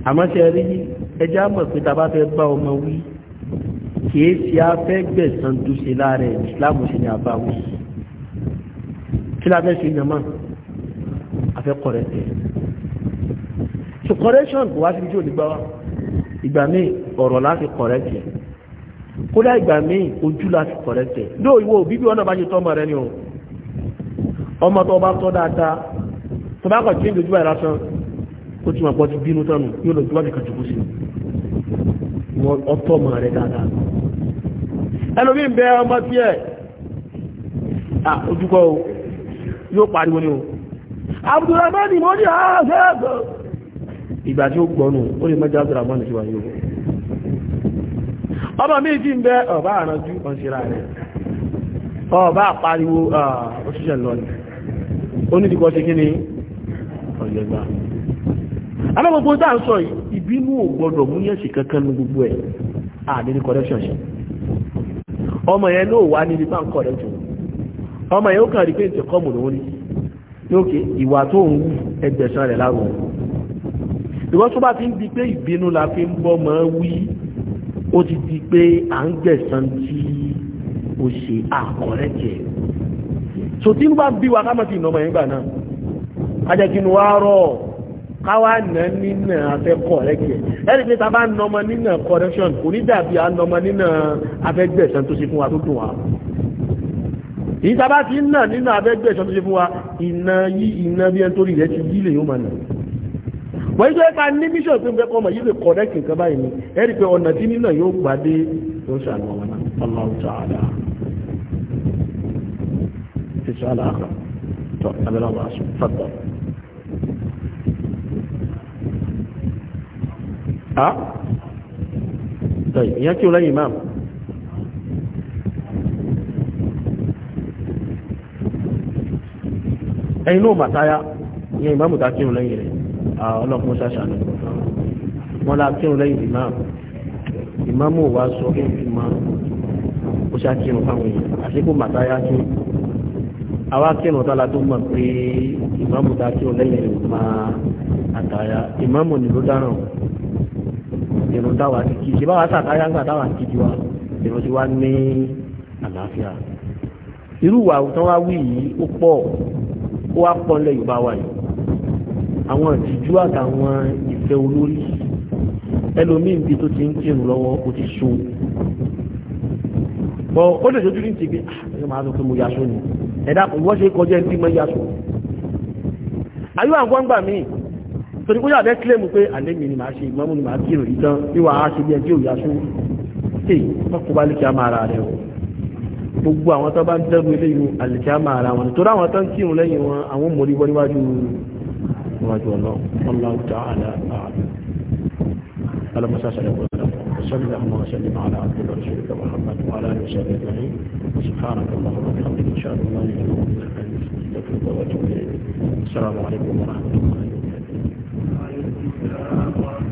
àmọ́ ṣe rí ẹjá mọ̀ pé ta bá fẹ́ bá ọmọ wí kìí ṣe afẹ́ gbẹ̀sán dúṣe láàrẹ̀ ìsìláàmù ṣe ní àbáwí kí la fẹ́ ṣe jama afẹ́ correct ẹ̀ so correction kò wá sí tí ò ní gbá wa ìgbà míì ọ̀rọ̀ láti correct ẹ̀ kódà ìgbà míì ojú láti correct ẹ̀ ló ìwọ òbí ọ̀nà bá ṣe tọ́mọ rẹ ni o ọmọ tó bá tọ́ dáadáa tó bá kọ̀ change ojú báyìí lásán ó ti mọ̀ pọ̀ ti bínú tánu yóò lọ jùlọ kìkan jùkú sí wọn ọtọ́ ọmọ rẹ dáadáa ẹlòmíì ń bẹ ọmọ tiẹ̀ ojúkọ o yóò pariwo ni o abdulrahman mo ní ààfẹ́ ẹ̀kọ́ ìgbà tí ó gbọ́nù ó lè mọ́já abdulrahman ti wà yóò ọmọ méjì ń bẹ ọba àrànjú kan ṣe ọba àpariwo òṣìṣẹ́ lọ́nà onídìkọ́ ṣe kí ni ọ̀yẹ̀gbà alábòbò dáa sọ ìbínú ò mú yẹ́sì kankan ní gbogbo ẹ̀ àdé ní correction ṣe ọmọ yẹn ló wà níbi bá ń ọmọ yẹn ó kàn rí pé ìtẹ̀kọ́mù lòun lókè ìwà tó ń wù ẹgbẹ̀sán rẹ̀ láàrùn ìwọ́n tó bá ti ń di pé ìbínú la fi ń bọ́ mọ́ wí ó ti di pé à ń gbẹ̀sán tí ó ṣe àkọ́rẹ́ jẹ́ so tí ń bá bí wa kámọ́ ti nà ọmọ yẹn gbà náà ajẹ́kínú wa rọ̀ káwa nà nínà afẹ́ kọ̀rẹ́ jẹ́ ẹni pé ta bá nà ọmọ nínà correction kò ní dàbí à ń nà nínà afẹ́ tó ṣe fún wa tó dùn wa èyí tá a bá ti ń nà nínú abẹ́gbẹ́ ìṣọ́ tó ṣe fún wa iná yí iná bí ẹni torí rẹ̀ ti yí lè yóò máa nà wọ́n yí tó yẹ ká ní bíṣọ̀ pé bẹ́ẹ̀ kọ́ ọmọ yìí lè kọ̀rẹ́kì nǹkan báyìí ni ẹ rí i pé ọ̀nà tí nínà yóò gbàdé tó ṣàlù ọmọ náà Allahu ta'ala ti ṣàlù àkà tó abẹ́rẹ́ ọmọ aṣọ fàtọ̀. Ah. ìyẹn kí o lẹ́yìn máàmù ẹ̀yìn náà màtáyá ìyẹn ìmáàmù tá kírun lẹ́yìn rẹ̀ ọlọ́pọ̀ ṣàṣà ní wọn lá kírun lẹ́yìn ìmáàmù ìmáàmù wa sọ fún ìmọ̀ ó ṣàkírun fáwọn èèyàn àṣekú màtáyá kí àwa kírun tọ́lá tó mọ̀ pé ìmáàmù tá kírun lẹ́yìn rẹ̀ máa àtàyà ìmáàmù ni ló dáràn ìrùn táwa ti kí ṣe báwa sàtáyà ń gbà táwa ti di wa ìrùn ti wá ní àlàáfíà irú wà tó wí yìí ó pọ̀ ó wá pọ̀ nílẹ̀ Yorùbá wa yìí àwọn ìtìjú àtàwọn ìfẹ́ olórí ẹlòmíì níbi tó ti ń kírun lọ́wọ́ ó ti so bọ́ ó lè dojú ní tìgbé ah, ẹ máa sọ pé mo yaṣọ ni ẹ̀dá kò wọ́n ṣe kọjá ẹni tí mo yaṣọ ayé àwọn gbọ́ngbà míì torí kó yà bẹ́ kílẹ̀mù pé àlẹ́ mi ni màá ṣe ìmọ̀mù ni màá kírun ìtàn bí wàá ṣe bí ẹni tí ò yaṣọ tí wọ́n kó bá lè kí a máa ra rẹ̀ o gbogbo àwọn tó bá ń dẹ́rù eléyìí àlìjáàmà ara wọn tó ráwọn tó ń kírun lẹ́yìn wọn àwọn mòrí wọ́n níwájú níwájú ọ̀nà ọlọ́ọ̀dá السلام عليكم ورحمة الله وبركاته